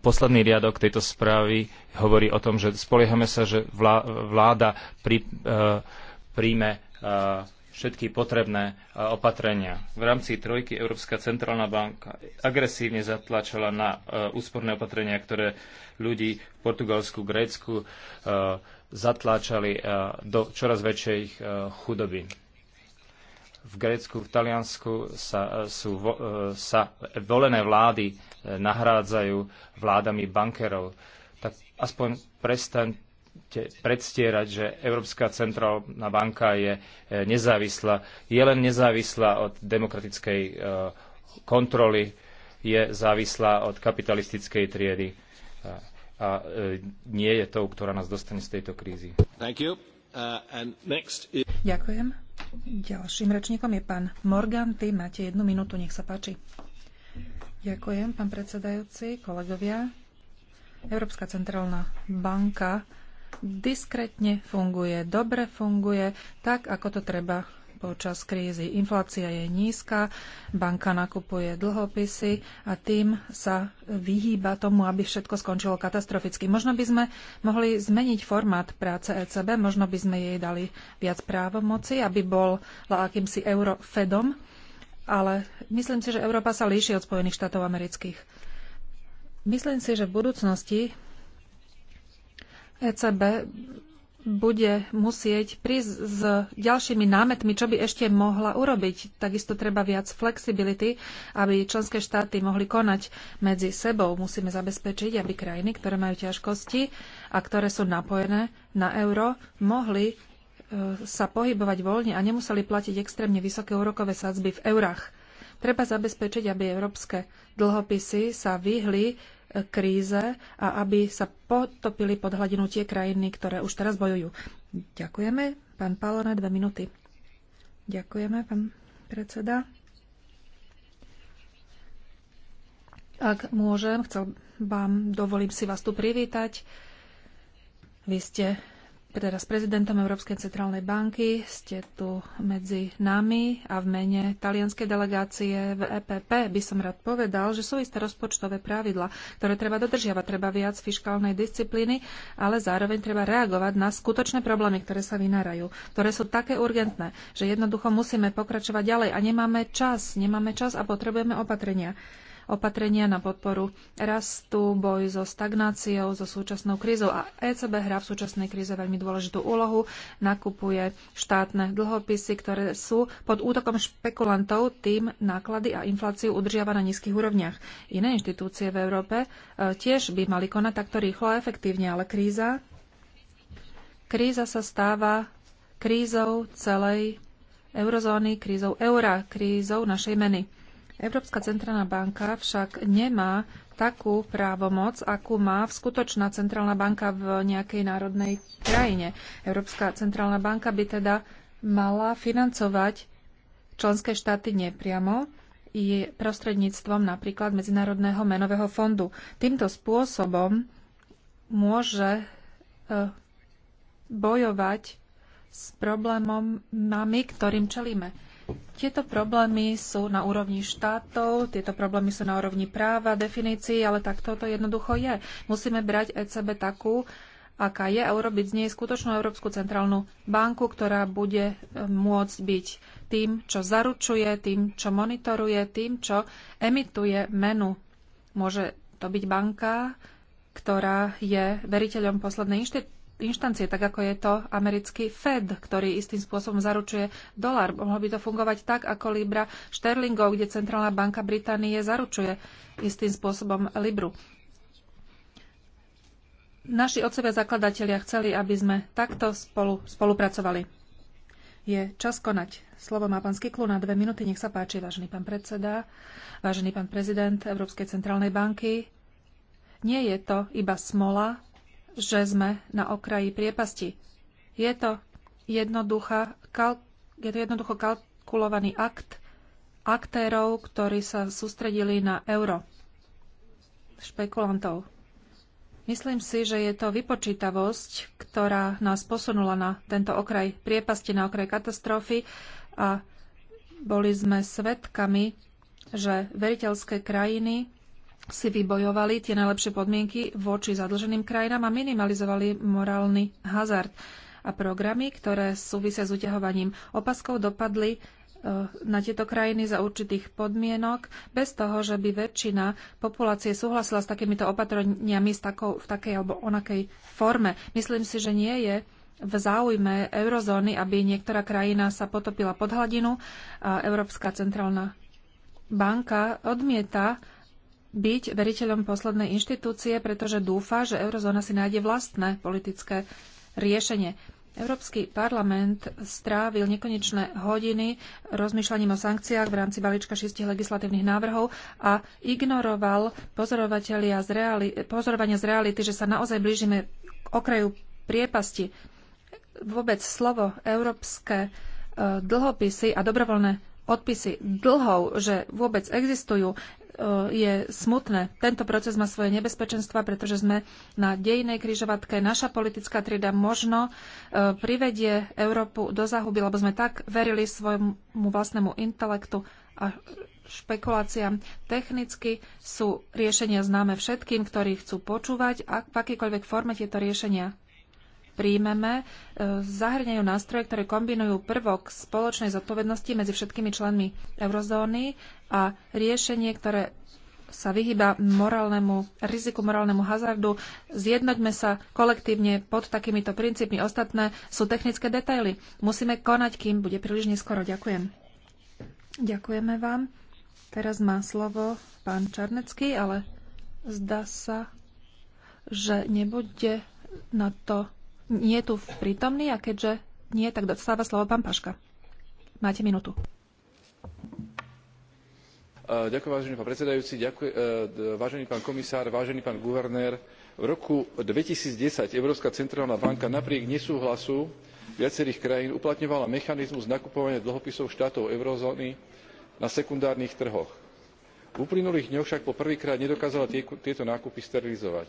posledný riadok tejto správy hovorí o tom, že spoliehame sa, že vláda pri, e, príjme e, všetky potrebné e, opatrenia. V rámci trojky Európska centrálna banka agresívne zatlačila na úsporné opatrenia, ktoré ľudí v Portugalsku, Grécku zatláčali do čoraz väčšej chudoby v Grécku, v Taliansku sa, sú vo, sa volené vlády nahrádzajú vládami bankerov. Tak aspoň prestaňte predstierať, že Európska centrálna banka je e, nezávislá. Je len nezávislá od demokratickej e, kontroly, je závislá od kapitalistickej triedy e, a nie je tou, ktorá nás dostane z tejto krízy. Uh, is... Ďakujem. Ďalším rečníkom je pán Morgan. Ty máte jednu minútu, nech sa páči. Ďakujem, pán predsedajúci, kolegovia. Európska centrálna banka diskrétne funguje, dobre funguje, tak ako to treba počas krízy. Inflácia je nízka, banka nakupuje dlhopisy a tým sa vyhýba tomu, aby všetko skončilo katastroficky. Možno by sme mohli zmeniť formát práce ECB, možno by sme jej dali viac právomoci, aby bol akýmsi eurofedom ale myslím si, že Európa sa líši od Spojených štátov amerických. Myslím si, že v budúcnosti ECB bude musieť prísť s ďalšími námetmi, čo by ešte mohla urobiť. Takisto treba viac flexibility, aby členské štáty mohli konať medzi sebou. Musíme zabezpečiť, aby krajiny, ktoré majú ťažkosti a ktoré sú napojené na euro, mohli sa pohybovať voľne a nemuseli platiť extrémne vysoké úrokové sadzby v eurách. Treba zabezpečiť, aby európske dlhopisy sa vyhli e, kríze a aby sa potopili pod hladinu tie krajiny, ktoré už teraz bojujú. Ďakujeme. Pán Palone, dve minúty. Ďakujeme, pán predseda. Ak môžem, chcel vám, dovolím si vás tu privítať. Vy ste teraz prezidentom Európskej centrálnej banky. Ste tu medzi nami a v mene talianskej delegácie v EPP by som rád povedal, že sú isté rozpočtové pravidla, ktoré treba dodržiavať. Treba viac fiskálnej disciplíny, ale zároveň treba reagovať na skutočné problémy, ktoré sa vynárajú, ktoré sú také urgentné, že jednoducho musíme pokračovať ďalej a nemáme čas, nemáme čas a potrebujeme opatrenia opatrenia na podporu rastu, boj so stagnáciou, so súčasnou krízou. A ECB hrá v súčasnej kríze veľmi dôležitú úlohu, nakupuje štátne dlhopisy, ktoré sú pod útokom špekulantov, tým náklady a infláciu udržiava na nízkych úrovniach. Iné inštitúcie v Európe e, tiež by mali konať takto rýchlo a efektívne, ale kríza, kríza sa stáva krízou celej eurozóny, krízou eura, krízou našej meny. Európska centrálna banka však nemá takú právomoc, akú má skutočná centrálna banka v nejakej národnej krajine. Európska centrálna banka by teda mala financovať členské štáty nepriamo je prostredníctvom napríklad Medzinárodného menového fondu. Týmto spôsobom môže e, bojovať s problémami, ktorým čelíme. Tieto problémy sú na úrovni štátov, tieto problémy sú na úrovni práva, definícií, ale tak toto jednoducho je. Musíme brať ECB takú, aká je a urobiť z nej skutočnú Európsku centrálnu banku, ktorá bude e, môcť byť tým, čo zaručuje, tým, čo monitoruje, tým, čo emituje menu. Môže to byť banka, ktorá je veriteľom poslednej inštitúcie inštancie, tak ako je to americký Fed, ktorý istým spôsobom zaručuje dolar. Mohlo by to fungovať tak, ako Libra Sterlingov, kde Centrálna banka Británie zaručuje istým spôsobom Libru. Naši od zakladatelia chceli, aby sme takto spolu, spolupracovali. Je čas konať. Slovo má pán Skiklu na dve minúty. Nech sa páči, vážený pán predseda, vážený pán prezident Európskej centrálnej banky. Nie je to iba smola, že sme na okraji priepasti. Je to, kal- je to jednoducho kalkulovaný akt aktérov, ktorí sa sústredili na euro, špekulantov. Myslím si, že je to vypočítavosť, ktorá nás posunula na tento okraj priepasti, na okraj katastrofy a boli sme svedkami, že veriteľské krajiny si vybojovali tie najlepšie podmienky voči zadlženým krajinám a minimalizovali morálny hazard. A programy, ktoré súvisia s uťahovaním opaskov, dopadli e, na tieto krajiny za určitých podmienok, bez toho, že by väčšina populácie súhlasila s takýmito opatreniami s takou, v takej alebo onakej forme. Myslím si, že nie je v záujme eurozóny, aby niektorá krajina sa potopila pod hladinu a Európska centrálna banka odmieta byť veriteľom poslednej inštitúcie, pretože dúfa, že eurozóna si nájde vlastné politické riešenie. Európsky parlament strávil nekonečné hodiny rozmýšľaním o sankciách v rámci balíčka šiestich legislatívnych návrhov a ignoroval pozorovatelia z reali- pozorovania z reality, že sa naozaj blížime k okraju priepasti. Vôbec slovo európske e, dlhopisy a dobrovoľné odpisy dlhov, že vôbec existujú, Eh, je smutné. Tento proces má svoje nebezpečenstva, pretože sme na dejnej kryžovatke. Naša politická trieda možno eh, privedie Európu do zahuby, lebo sme tak verili svojmu vlastnému intelektu a špekuláciám. Technicky sú riešenia známe všetkým, ktorí chcú počúvať a v akýkoľvek forme tieto riešenia príjmeme, e, zahrňajú nástroje, ktoré kombinujú prvok spoločnej zodpovednosti medzi všetkými členmi eurozóny a riešenie, ktoré sa vyhyba morálnemu, riziku morálnemu hazardu. Zjednoďme sa kolektívne pod takýmito princípmi. Ostatné sú technické detaily. Musíme konať, kým bude príliš neskoro. Ďakujem. Ďakujeme vám. Teraz má slovo pán Čarnecký, ale zdá sa, že nebude na to nie je tu prítomný a keďže nie, tak dostáva slovo pán Paška. Máte minútu. Ďakujem, vážený pán predsedajúci, ďakujem, e, vážený pán komisár, vážený pán guvernér. V roku 2010 Európska centrálna banka napriek nesúhlasu viacerých krajín uplatňovala mechanizmus nakupovania dlhopisov štátov eurozóny na sekundárnych trhoch. V uplynulých dňoch však po prvýkrát nedokázala tieto nákupy sterilizovať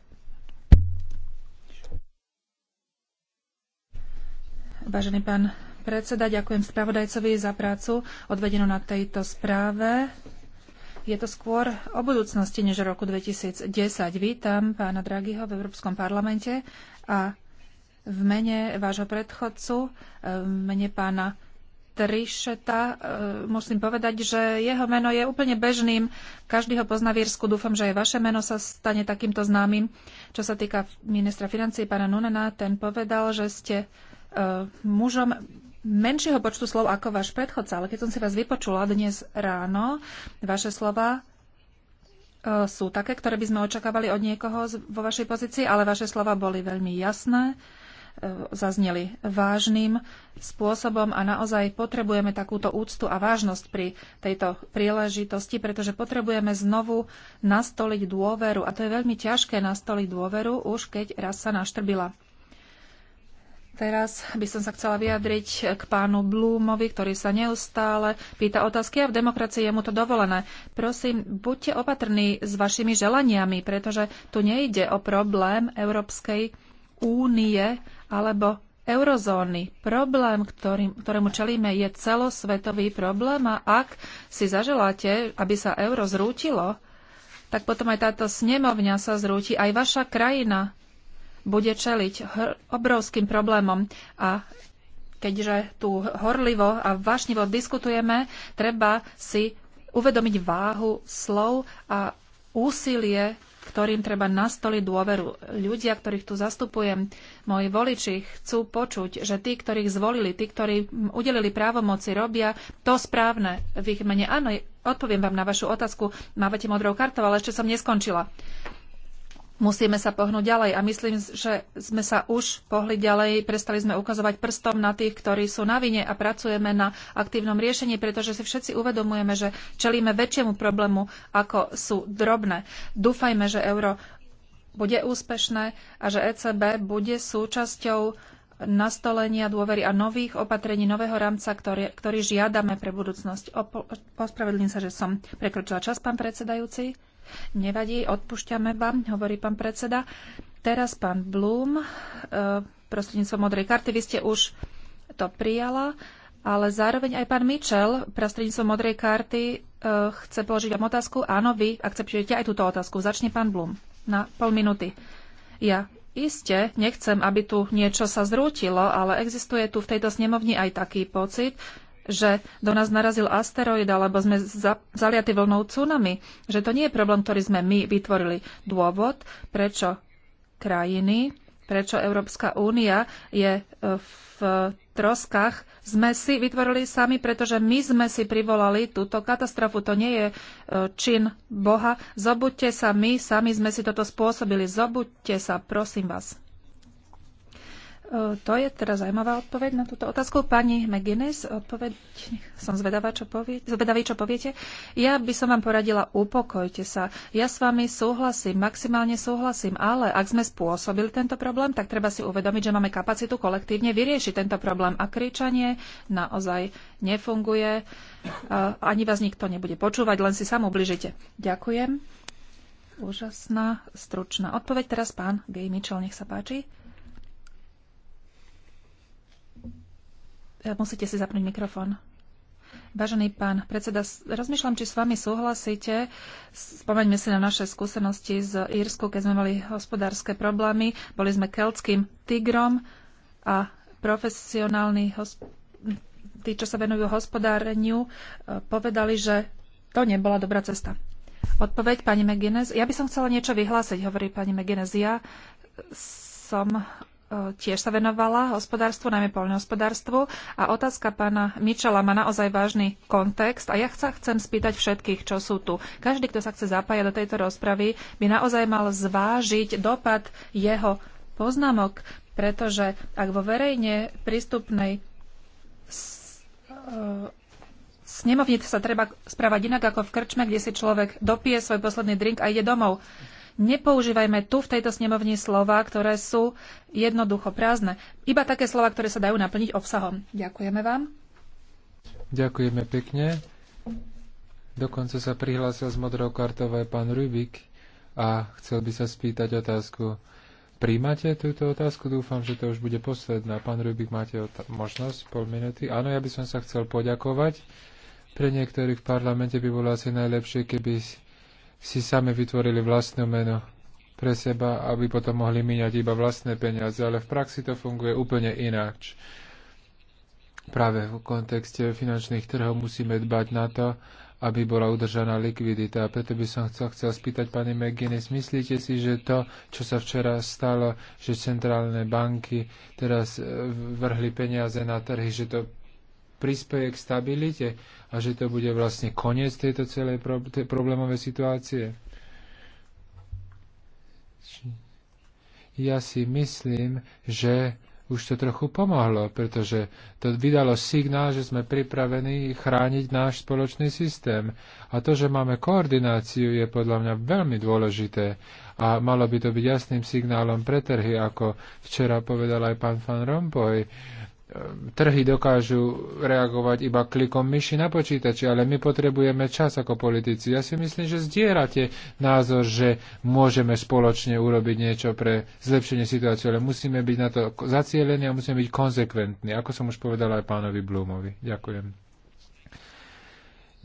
Vážený pán predseda, ďakujem spravodajcovi za prácu odvedenú na tejto správe. Je to skôr o budúcnosti než roku 2010. Vítam pána dragiho, v Európskom parlamente a v mene vášho predchodcu, eh, v mene pána Trišeta, eh, musím povedať, že jeho meno je úplne bežným. Každý ho pozná v Írsku. Dúfam, že aj vaše meno sa stane takýmto známym. Čo sa týka ministra financí, pána Nunena, ten povedal, že ste Eh, mužom menšieho počtu slov ako váš predchodca, ale keď som si vás vypočula dnes ráno, vaše slova eh, sú také, ktoré by sme očakávali od niekoho vo vašej pozícii, ale vaše slova boli veľmi jasné, eh, zazneli vážnym spôsobom a naozaj potrebujeme takúto úctu a vážnosť pri tejto príležitosti, pretože potrebujeme znovu nastoliť dôveru a to je veľmi ťažké nastoliť dôveru už keď raz sa naštrbila. Teraz by som sa chcela vyjadriť k pánu Blúmovi, ktorý sa neustále pýta otázky a v demokracii je mu to dovolené. Prosím, buďte opatrní s vašimi želaniami, pretože tu nejde o problém Európskej únie alebo eurozóny. Problém, ktorým, ktorému čelíme, je celosvetový problém a ak si zaželáte, aby sa euro zrútilo, tak potom aj táto snemovňa sa zrúti, aj vaša krajina bude čeliť obrovským problémom a keďže tu horlivo a vášnivo diskutujeme, treba si uvedomiť váhu slov a úsilie, ktorým treba nastoliť dôveru. Ľudia, ktorých tu zastupujem, moji voliči, chcú počuť, že tí, ktorých zvolili, tí, ktorí udelili právomoci, robia to správne v ich mene. Áno, odpoviem vám na vašu otázku, mávate modrou kartou, ale ešte som neskončila musíme sa pohnúť ďalej. A myslím, že sme sa už pohli ďalej, prestali sme ukazovať prstom na tých, ktorí sú na vine a pracujeme na aktívnom riešení, pretože si všetci uvedomujeme, že čelíme väčšiemu problému, ako sú drobné. Dúfajme, že euro bude úspešné a že ECB bude súčasťou nastolenia dôvery a nových opatrení nového rámca, ktorý, ktorý žiadame pre budúcnosť. Ospravedlím sa, že som prekročila čas, pán predsedajúci. Nevadí, odpúšťame vám, hovorí pán predseda. Teraz pán Blum, e, prostredníctvom modrej karty, vy ste už to prijala, ale zároveň aj pán Mitchell prostredníctvom modrej karty e, chce položiť vám otázku. Áno, vy akceptujete aj túto otázku. Začne pán Blum na pol minúty. Ja iste nechcem, aby tu niečo sa zrútilo, ale existuje tu v tejto snemovni aj taký pocit, že do nás narazil asteroid alebo sme za, zaliati vlnou tsunami, že to nie je problém, ktorý sme my vytvorili. Dôvod, prečo krajiny, prečo Európska únia je e, v troskách, sme si vytvorili sami, pretože my sme si privolali túto katastrofu. To nie je e, čin Boha. Zobuďte sa my, sami sme si toto spôsobili. Zobuďte sa, prosím vás. To je teda zaujímavá odpoveď na túto otázku. Pani McGuinness, odpoveď, som zvedavá, čo povie, zvedavý, čo poviete. Ja by som vám poradila, upokojte sa. Ja s vami súhlasím, maximálne súhlasím, ale ak sme spôsobili tento problém, tak treba si uvedomiť, že máme kapacitu kolektívne vyriešiť tento problém. A kričanie naozaj nefunguje. Ani vás nikto nebude počúvať, len si sám ubližite. Ďakujem. Úžasná, stručná odpoveď. Teraz pán Gej Mitchell, nech sa páči. E, musíte si zapnúť mikrofón. Vážený pán predseda, rozmýšľam, či s vami súhlasíte. Spomeňme si na naše skúsenosti z Írsku, keď sme mali hospodárske problémy. Boli sme keltským tigrom a profesionálni tí, čo sa venujú hospodáreniu, e, povedali, že to nebola dobrá cesta. Odpoveď pani McGuinness. Ja by som chcela niečo vyhlásiť, hovorí pani McGuinness. Ja som E, tiež sa venovala hospodárstvu, najmä poľnohospodárstvu a otázka pána Mičela má naozaj vážny kontext a ja sa chcem spýtať všetkých, čo sú tu. Každý, kto sa chce zapájať do tejto rozpravy, by naozaj mal zvážiť dopad jeho poznámok, pretože ak vo verejne prístupnej e, snemovnice sa treba správať inak ako v krčme, kde si človek dopije svoj posledný drink a ide domov nepoužívajme tu v tejto snemovni slova, ktoré sú jednoducho prázdne. Iba také slova, ktoré sa dajú naplniť obsahom. Ďakujeme vám. Ďakujeme pekne. Dokonca sa prihlásil z modrou kartou aj pán Rubik a chcel by sa spýtať otázku. Príjmate túto otázku? Dúfam, že to už bude posledná. Pán Rubik, máte možnosť? Pol minúty? Áno, ja by som sa chcel poďakovať. Pre niektorých v parlamente by bolo asi najlepšie, keby si sami vytvorili vlastnú meno pre seba, aby potom mohli míňať iba vlastné peniaze, ale v praxi to funguje úplne ináč. Práve v kontexte finančných trhov musíme dbať na to, aby bola udržaná likvidita. A preto by som chcel, chcel spýtať pani McGuinness, myslíte si, že to, čo sa včera stalo, že centrálne banky teraz eh, vrhli peniaze na trhy, že to prispieje k stabilite? a že to bude vlastne koniec tejto celej pro, tej problémovej situácie? Ja si myslím, že už to trochu pomohlo, pretože to vydalo signál, že sme pripravení chrániť náš spoločný systém. A to, že máme koordináciu, je podľa mňa veľmi dôležité. A malo by to byť jasným signálom pre trhy, ako včera povedal aj pán Van Rompuy. Uh, Ehm, trhy dokážu reagovať iba klikom myši na počítači, ale my potrebujeme čas ako politici. Ja si myslím, že zdierate názor, že môžeme spoločne urobiť niečo pre zlepšenie situácie, ale musíme byť na to zacielení a musíme byť konzekventní, ako som už povedal aj pánovi Blumovi. Ďakujem.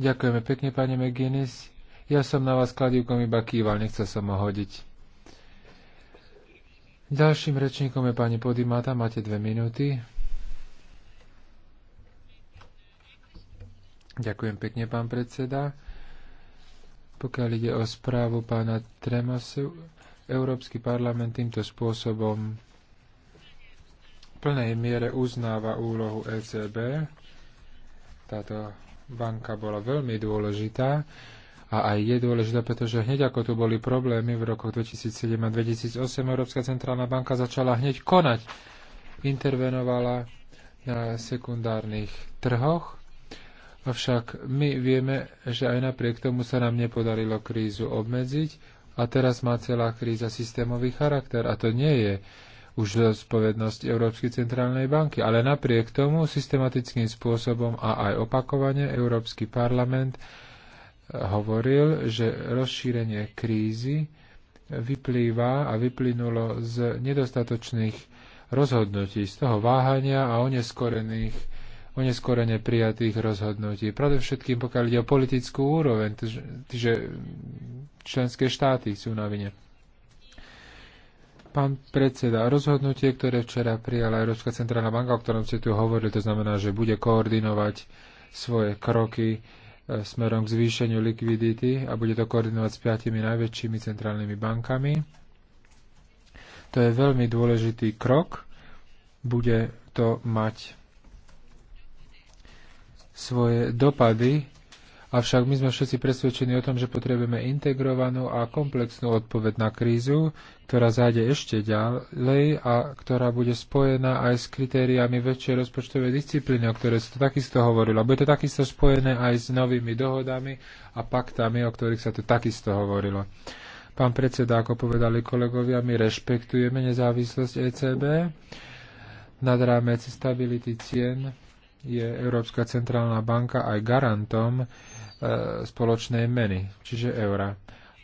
Ďakujeme pekne, pani McGuinness. Ja som na vás kladívkom iba kýval, nechcel som ho hodiť. Ďalším rečníkom je pani Podimata, máte dve minúty. Ďakujem pekne, pán predseda. Pokiaľ ide o správu pána Tremasu, Európsky parlament týmto spôsobom v plnej miere uznáva úlohu ECB. Táto banka bola veľmi dôležitá a aj je dôležitá, pretože hneď ako tu boli problémy v rokoch 2007 a 2008, Európska centrálna banka začala hneď konať. Intervenovala na sekundárnych trhoch Avšak my vieme, že aj napriek tomu sa nám nepodarilo krízu obmedziť a teraz má celá kríza systémový charakter a to nie je už zodpovednosť Európskej centrálnej banky. Ale napriek tomu systematickým spôsobom a aj opakovane Európsky parlament eh, hovoril, že rozšírenie krízy vyplýva a vyplynulo z nedostatočných rozhodnutí, z toho váhania a oneskorených oneskorene prijatých rozhodnutí. Predovšetkým pokiaľ ide o politickú úroveň, že členské štáty sú na vine. Pán predseda, rozhodnutie, ktoré včera prijala Európska centrálna banka, o ktorom ste tu hovorili, to znamená, že bude koordinovať svoje kroky e, smerom k zvýšeniu likvidity a bude to koordinovať s piatimi najväčšími centrálnymi bankami. To je veľmi dôležitý krok. Bude to mať svoje dopady, avšak my sme všetci presvedčení o tom, že potrebujeme integrovanú a komplexnú odpoveď na krízu, ktorá zájde ešte ďalej a ktorá bude spojená aj s kritériami väčšej rozpočtovej disciplíny, o ktoré sa to takisto hovorilo. Bude to takisto spojené aj s novými dohodami a paktami, o ktorých sa to takisto hovorilo. Pán predseda, ako povedali kolegovia, my rešpektujeme nezávislosť ECB nad rámec stability cien je Európska centrálna banka aj garantom e, spoločnej meny, čiže eura.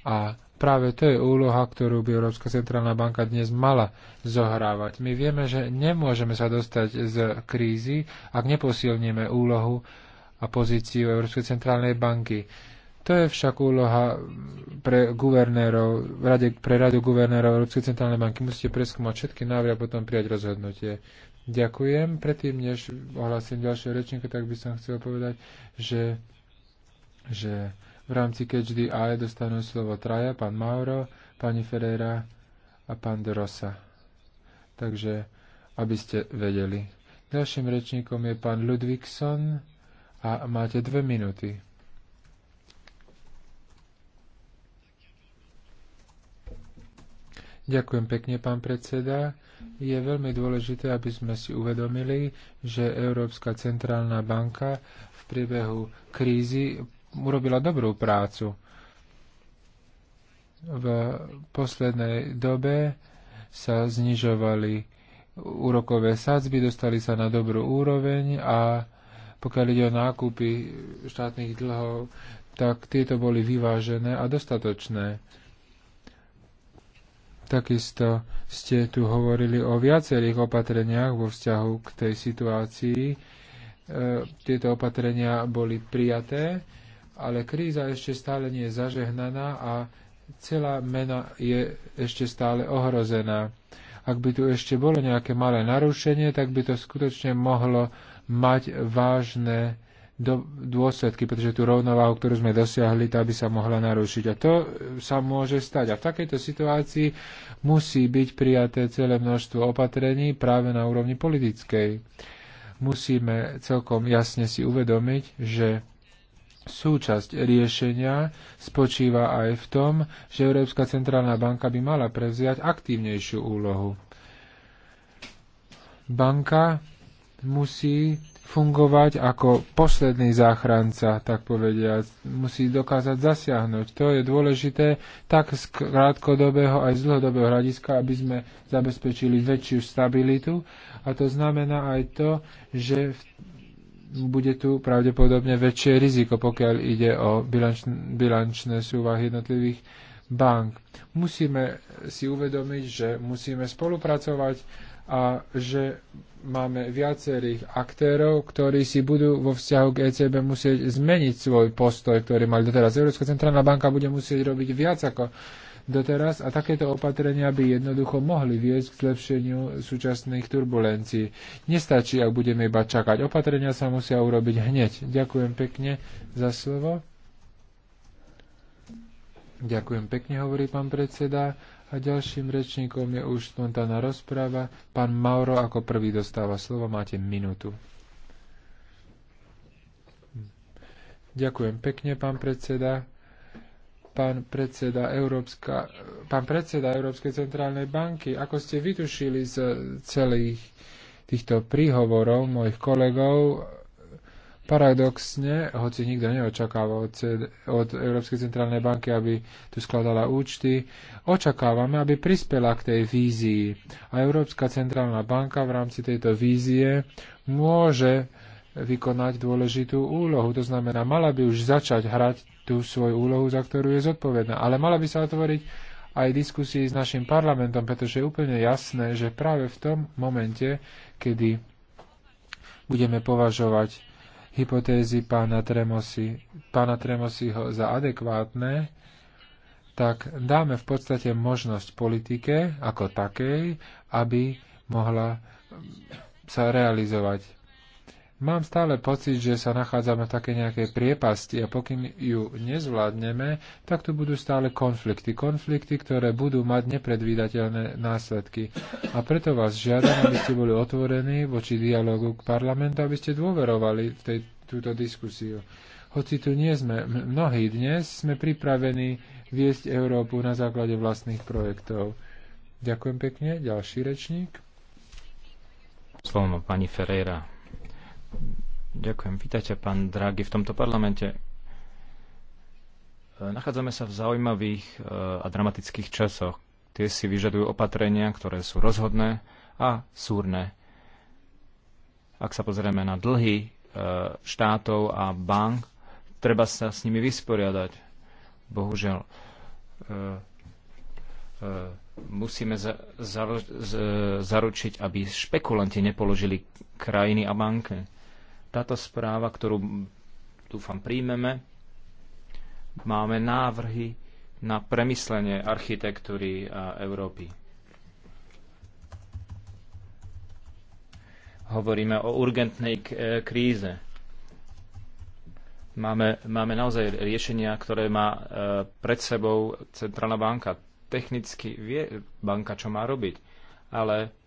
A práve to je úloha, ktorú by Európska centrálna banka dnes mala zohrávať. My vieme, že nemôžeme sa dostať z krízy, ak neposilníme úlohu a pozíciu Európskej centrálnej banky. To je však úloha pre guvernérov, pre radu guvernérov Európskej centrálnej banky. Musíte preskúmať všetky návrhy a potom prijať rozhodnutie. Ďakujem. Predtým, než ohlasím ďalšieho rečníka, tak by som chcel povedať, že, že v rámci KHDI dostanú slovo traja, pán Mauro, pani Ferreira a pán De Rosa. Takže, aby ste vedeli. Ďalším rečníkom je pán Ludvíkson a máte dve minúty. Ďakujem pekne, pán predseda. Je veľmi dôležité, aby sme si uvedomili, že Európska centrálna banka v priebehu krízy urobila dobrú prácu. V poslednej dobe sa znižovali úrokové sadzby, dostali sa na dobrú úroveň a pokiaľ ide o nákupy štátnych dlhov, tak tieto boli vyvážené a dostatočné Takisto ste tu hovorili o viacerých opatreniach vo vzťahu k tej situácii. E, tieto opatrenia boli prijaté, ale kríza ešte stále nie je zažehnaná a celá mena je ešte stále ohrozená. Ak by tu ešte bolo nejaké malé narušenie, tak by to skutočne mohlo mať vážne do, dôsledky, pretože tú rovnováhu, ktorú sme dosiahli, tá by sa mohla narušiť. A to sa môže stať. A v takejto situácii musí byť prijaté celé množstvo opatrení práve na úrovni politickej. Musíme celkom jasne si uvedomiť, že Súčasť riešenia spočíva aj v tom, že Európska centrálna banka by mala prevziať aktívnejšiu úlohu. Banka musí fungovať ako posledný záchranca, tak povediať. Musí dokázať zasiahnuť. To je dôležité tak z krátkodobého aj z dlhodobého hľadiska, aby sme zabezpečili väčšiu stabilitu. A to znamená aj to, že v bude tu pravdepodobne väčšie riziko, pokiaľ ide o bilančné, bilančné súvahy jednotlivých bank. Musíme si uvedomiť, že musíme spolupracovať a že máme viacerých aktérov, ktorí si budú vo vzťahu k ECB musieť zmeniť svoj postoj, ktorý mali doteraz. Európska centrálna banka bude musieť robiť viac ako doteraz a takéto opatrenia by jednoducho mohli viesť k zlepšeniu súčasných turbulencií. Nestačí, ak budeme iba čakať. Opatrenia sa musia urobiť hneď. Ďakujem pekne za slovo. Ďakujem pekne, hovorí pán predseda. A ďalším rečníkom je už spontánna rozpráva. Pán Mauro ako prvý dostáva slovo. Máte minútu. Ďakujem pekne, pán predseda. Pán predseda, Európska, pán predseda Európskej centrálnej banky, ako ste vytušili z celých týchto príhovorov mojich kolegov, Paradoxne, hoci nikto neočakáva od, CD, od Európskej centrálnej banky, aby tu skladala účty, očakávame, aby prispela k tej vízii. A Európska centrálna banka v rámci tejto vízie môže vykonať dôležitú úlohu. To znamená, mala by už začať hrať tú svoju úlohu, za ktorú je zodpovedná. Ale mala by sa otvoriť aj diskusii s našim parlamentom, pretože je úplne jasné, že práve v tom momente, kedy budeme považovať hypotézy pána, Tremosi, pána Tremosiho za adekvátne, tak dáme v podstate možnosť politike ako takej, aby mohla sa realizovať Mám stále pocit, že sa nachádzame v také nejakej priepasti a pokým ju nezvládneme, tak tu budú stále konflikty. Konflikty, ktoré budú mať nepredvídateľné následky. A preto vás žiadam, aby ste boli otvorení voči dialogu k parlamentu, aby ste dôverovali v tej, túto diskusiu. Hoci tu nie sme mnohí dnes, sme pripravení viesť Európu na základe vlastných projektov. Ďakujem pekne. Ďalší rečník. Slovo pani Ferreira. Ďakujem. Vítajte, pán Draghi, v tomto parlamente. E, nachádzame sa v zaujímavých e, a dramatických časoch. Tie si vyžadujú opatrenia, ktoré sú rozhodné a súrne. Ak sa pozrieme na dlhy e, štátov a bank, treba sa s nimi vysporiadať. Bohužiaľ, musíme zaručiť, aby špekulanti nepoložili krajiny a banky táto správa, ktorú dúfam príjmeme, máme návrhy na premyslenie architektúry Európy. Hovoríme o urgentnej e, kríze. Máme, máme naozaj riešenia, ktoré má e, pred sebou Centrálna banka. Technicky vie banka, čo má robiť, ale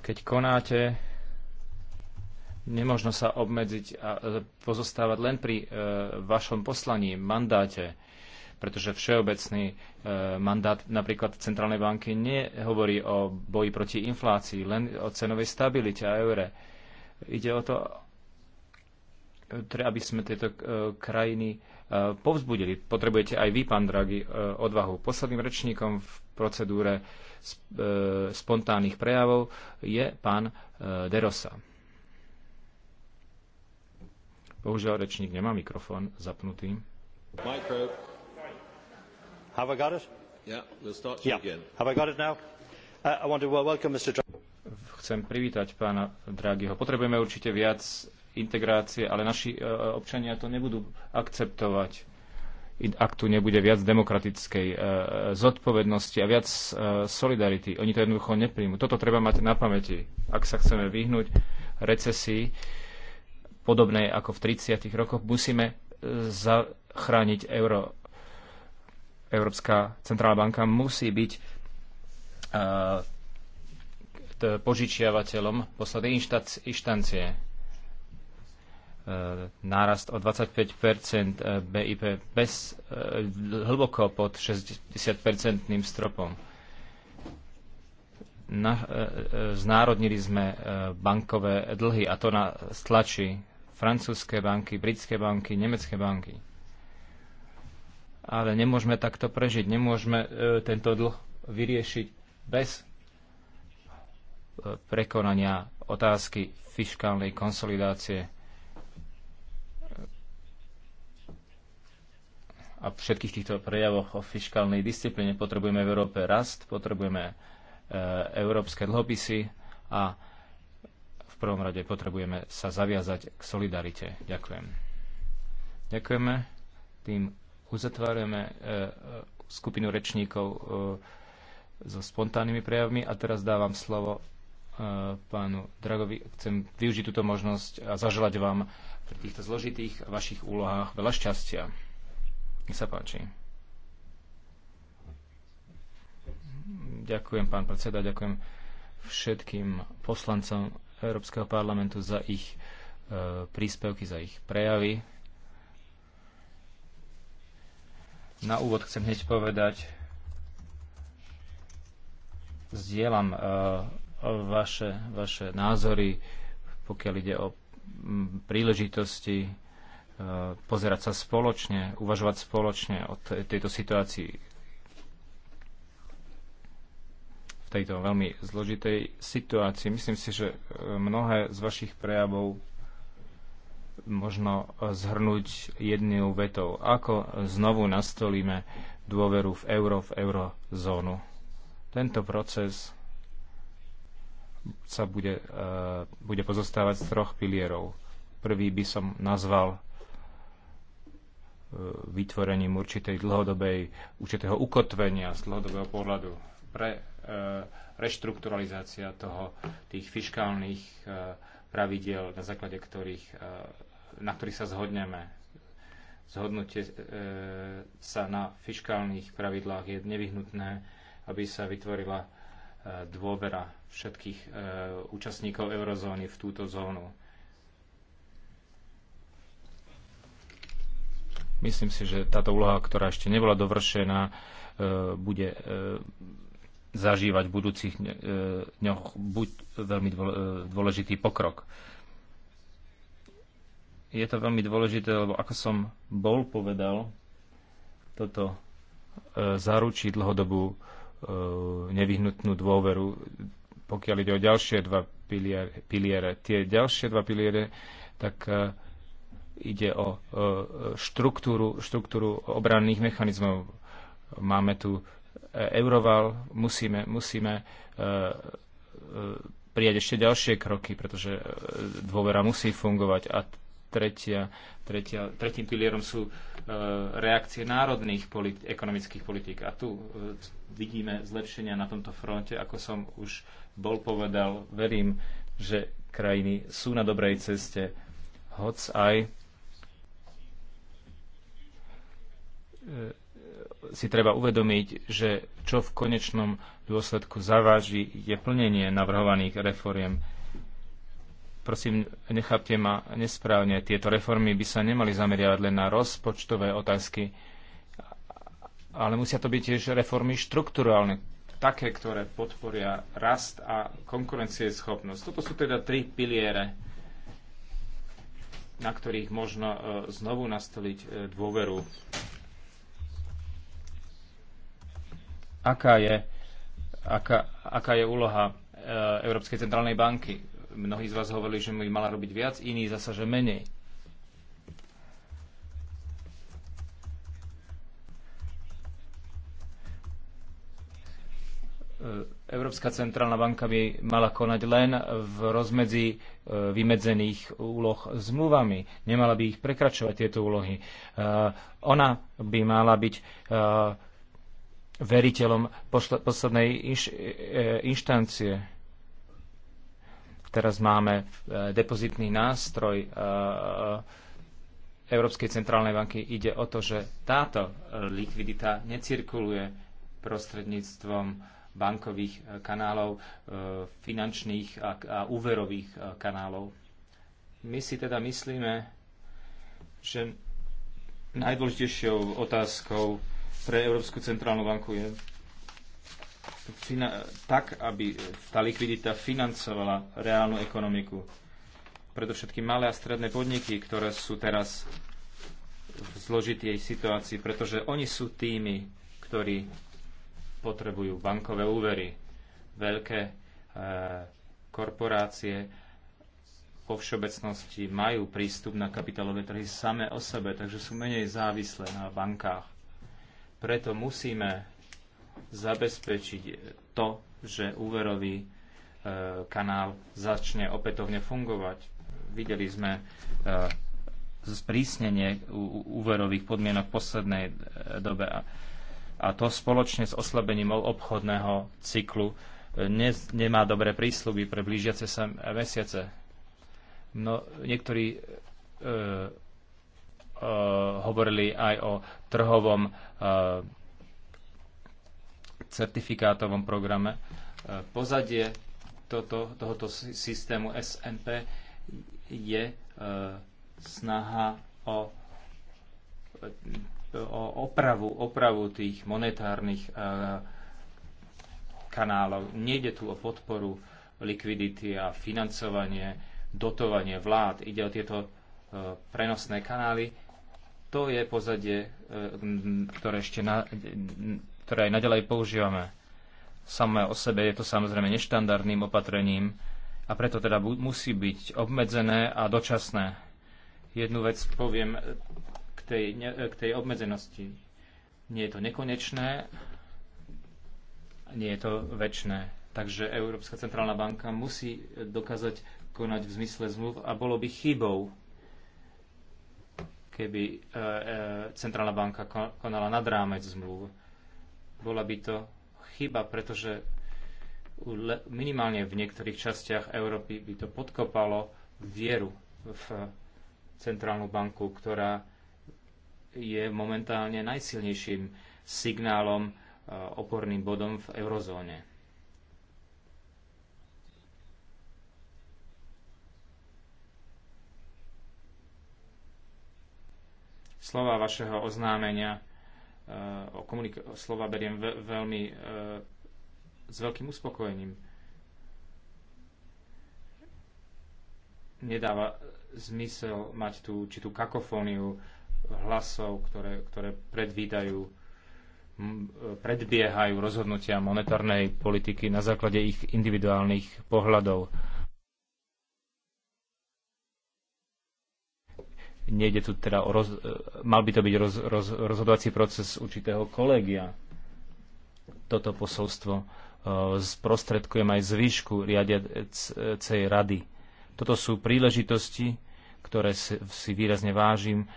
Keď konáte, nemožno sa obmedziť a pozostávať len pri e, vašom poslaní, mandáte, pretože všeobecný e, mandát napríklad Centrálnej banky nehovorí o boji proti inflácii, len o cenovej stabilite a eure. Ide o to, aby sme tieto e, krajiny e, povzbudili. Potrebujete aj vy, pán Draghi, e, odvahu. Posledným rečníkom v procedúre E, spontánnych prejavov je pán e, Derosa. Bohužiaľ, rečník nemá mikrofón zapnutý. Micro. Have I got it? Yeah, we'll start yeah. again. Have I got it now? Uh, I want to welcome Mr. Chcem privítať pána Dragiho. Potrebujeme určite viac integrácie, ale naši e, občania to nebudú akceptovať ak tu nebude viac demokratickej e, zodpovednosti a viac e, solidarity. Oni to jednoducho nepríjmu. Toto treba mať na pamäti, ak sa chceme vyhnúť recesii podobnej ako v 30. rokoch. Musíme e, zachrániť euro. Európska centrálna banka musí byť e, požičiavateľom poslednej inštancie E, nárast o 25 e, BIP bez, e, hlboko pod 60-percentným stropom. Na, znárodnili sme bankové dlhy a to na stlačí francúzske banky, britské banky, nemecké banky. Ale nemôžeme takto prežiť, nemôžeme tento dlh vyriešiť bez prekonania otázky fiskálnej konsolidácie a všetkých týchto prejavoch o fiskálnej disciplíne potrebujeme v Európe rast, potrebujeme e, európske dlhopisy a v prvom rade potrebujeme sa zaviazať k solidarite. Ďakujem. Ďakujeme. Tým uzatvárame e, e skupinu rečníkov e, so spontánnymi prejavmi a teraz dávam slovo e, pánu Dragovi. Chcem využiť túto možnosť a zaželať vám pri týchto zložitých vašich úlohách veľa šťastia. Nech sa páči. Ďakujem, pán predseda, ďakujem všetkým poslancom Európskeho parlamentu za ich e, príspevky, za ich prejavy. Na úvod chcem hneď povedať, zdieľam e, vaše, vaše názory, pokiaľ ide o príležitosti pozerať sa spoločne, uvažovať spoločne o tejto situácii v tejto veľmi zložitej situácii. Myslím si, že e, mnohé z vašich prejavov možno e, zhrnúť jednou vetou. Ako znovu nastolíme dôveru v euro, v eurozónu. Tento proces sa bude, e, bude pozostávať z troch pilierov. Prvý by som nazval E, vytvorením určitej dlhodobej, určitého ukotvenia z dlhodobého pohľadu pre e, reštrukturalizácia toho, tých fiskálnych e, na základe ktorých, e, na ktorých sa zhodneme. Zhodnutie e, sa na fiskálnych pravidlách je nevyhnutné, aby sa vytvorila e, dôvera všetkých e, účastníkov eurozóny v túto zónu Myslím si, že táto úloha, ktorá ešte nebola dovršená, e, bude e, zažívať v budúcich e, dňoch buď veľmi dôležitý pokrok. Je to veľmi dôležité, lebo ako som bol povedal, toto zaručí dlhodobú nevyhnutnú dôveru, pokiaľ ide o ďalšie dva piliere. Tie ďalšie dva piliere, tak Ide o e, štruktúru, štruktúru obranných mechanizmov. Máme tu e, Euroval, musíme, musíme e, prijať ešte ďalšie kroky, pretože dôvera musí fungovať. A tretia, tretia, tretím pilierom sú reakcie národných politi- ekonomických politík. A tu vidíme zlepšenia na tomto fronte. Ako som už bol povedal, verím, že krajiny sú na dobrej ceste, hoc aj E, si treba uvedomiť, že čo v konečnom dôsledku zaváži je plnenie navrhovaných reforiem. Prosím, nechápte ma nesprávne, tieto reformy by sa nemali zameriavať len na rozpočtové otázky, ale musia to byť tiež reformy štrukturálne, také, ktoré podporia rast a konkurencieschopnosť. Toto sú teda tri piliere, na ktorých možno e, znovu nastoliť e, dôveru aká je, aká, aká je úloha e, Európskej centrálnej banky. Mnohí z vás hovorili, že by mala robiť viac, iní zasa, že menej. E, Európska centrálna banka by mala konať len v rozmedzi e, vymedzených úloh zmluvami. Nemala by ich prekračovať tieto úlohy. Ona by mala byť veriteľom poslednej inš, e, inštancie. Teraz máme e, depozitný nástroj e, Európskej centrálnej banky. Ide o to, že táto likvidita necirkuluje prostredníctvom bankových kanálov, finančných a, a úverových kanálov. My si teda myslíme, že najdôležitejšou otázkou pre Európsku centrálnu banku je tak, aby tá likvidita financovala reálnu ekonomiku. všetky malé a stredné podniky, ktoré sú teraz v zložitej situácii, pretože oni sú tými, ktorí potrebujú bankové úvery. Veľké e, korporácie vo všeobecnosti majú prístup na kapitálové trhy same o sebe, takže sú menej závislé na bankách preto musíme zabezpečiť to, že úverový e, kanál začne opätovne fungovať. Videli sme e, sprísnenie úverových podmienok v poslednej e, dobe a to spoločne s oslabením obchodného cyklu ne, nemá dobré prísluby pre blížiace sa mesiace. No, niektorí e, Eh, hovorili aj o trhovom eh, certifikátovom programe. Eh, pozadie toto, tohoto systému SNP je snaha o, o opravu, opravu tých monetárnych kanálov. Nejde tu o podporu likvidity a financovanie, dotovanie vlád. Ide o tieto prenosné kanály, to je pozadie, e, ktoré ešte na, ktoré aj naďalej používame. Samé o sebe je to samozrejme neštandardným opatrením a preto teda musí byť obmedzené a dočasné. Jednu vec poviem k tej, k tej obmedzenosti. Nie je to nekonečné, nie je to väčné. Takže Európska centrálna banka musí dokázať konať v zmysle zmluv a bolo by chybou keby e, e, centrálna banka konala nad rámec zmluv. Bola by to chyba, pretože minimálne v niektorých častiach Európy by to podkopalo vieru v centrálnu banku, ktorá je momentálne najsilnejším signálom, e, oporným bodom v eurozóne. slova vašeho oznámenia e, o komunik- slova beriem ve- veľmi e, s veľkým uspokojením. Nedáva zmysel mať tú určitú kakofóniu hlasov, ktoré, ktoré predvídajú, predbiehajú rozhodnutia monetárnej politiky na základe ich individuálnych pohľadov. Nejde tu teda o roz, e, mal by to byť roz, roz, rozhodovací proces určitého kolegia. Toto posolstvo e, sprostredkujem aj zvýšku riadiacej rady. Toto sú príležitosti, ktoré si výrazne vážim.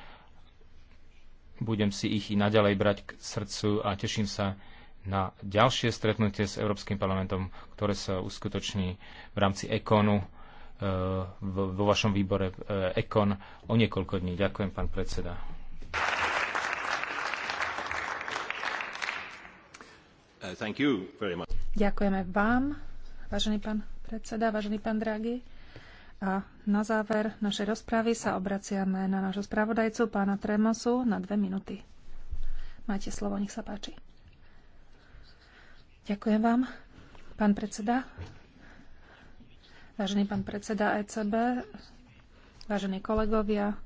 Budem si ich i naďalej brať k srdcu a teším sa na ďalšie stretnutie s Európskym parlamentom, ktoré sa uskutoční v rámci ekonu Eh, vo vašom výbore EKON eh, o niekoľko dní. Ďakujem, pán predseda. Eh, Ďakujeme vám, vážený pán predseda, vážený pán Draghi. A na záver našej rozpravy sa obraciame na nášho spravodajcu, pána Tremosu, na dve minúty. Máte slovo, nech sa páči. Ďakujem vám, pán predseda. Vážený pán predseda ECB, vážení kolegovia,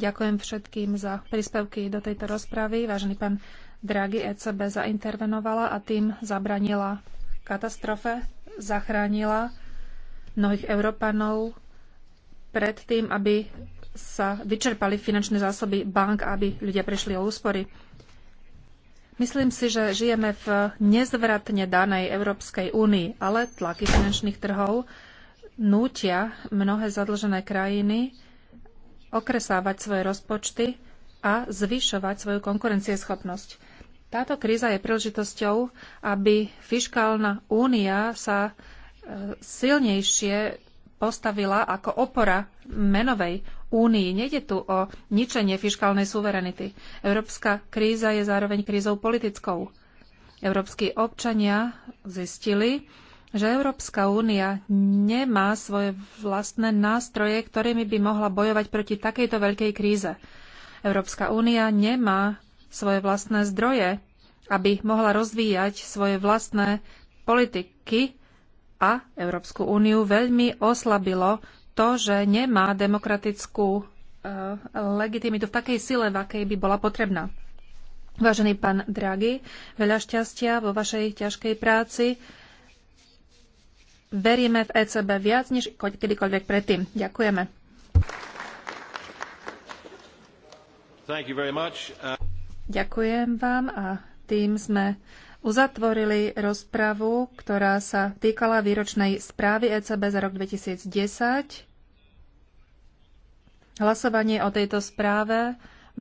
ďakujem všetkým za príspevky do tejto rozpravy. Vážený pán Draghi, ECB zaintervenovala a tým zabranila katastrofe, zachránila mnohých Európanov pred tým, aby sa vyčerpali finančné zásoby bank, aby ľudia prišli o úspory. Myslím si, že žijeme v nezvratne danej Európskej únii, ale tlaky finančných trhov nútia mnohé zadlžené krajiny okresávať svoje rozpočty a zvyšovať svoju konkurencieschopnosť. Táto kríza je príležitosťou, aby Fiskálna únia sa e, silnejšie postavila ako opora menovej únii. Nejde tu o ničenie fiskálnej suverenity. Európska kríza je zároveň krízou politickou. Európsky občania zistili, že Európska únia nemá svoje vlastné nástroje, ktorými by mohla bojovať proti takejto veľkej kríze. Európska únia nemá svoje vlastné zdroje, aby mohla rozvíjať svoje vlastné politiky a Európsku úniu veľmi oslabilo to, že nemá demokratickú eh, legitimitu v takej sile, v akej by bola potrebná. Vážený pán Draghi, veľa šťastia vo vašej ťažkej práci veríme v ECB viac než kedykoľvek predtým. Ďakujeme. Uh, Ďakujem vám a tým sme uzatvorili rozpravu, ktorá sa týkala výročnej správy ECB za rok 2010. Hlasovanie o tejto správe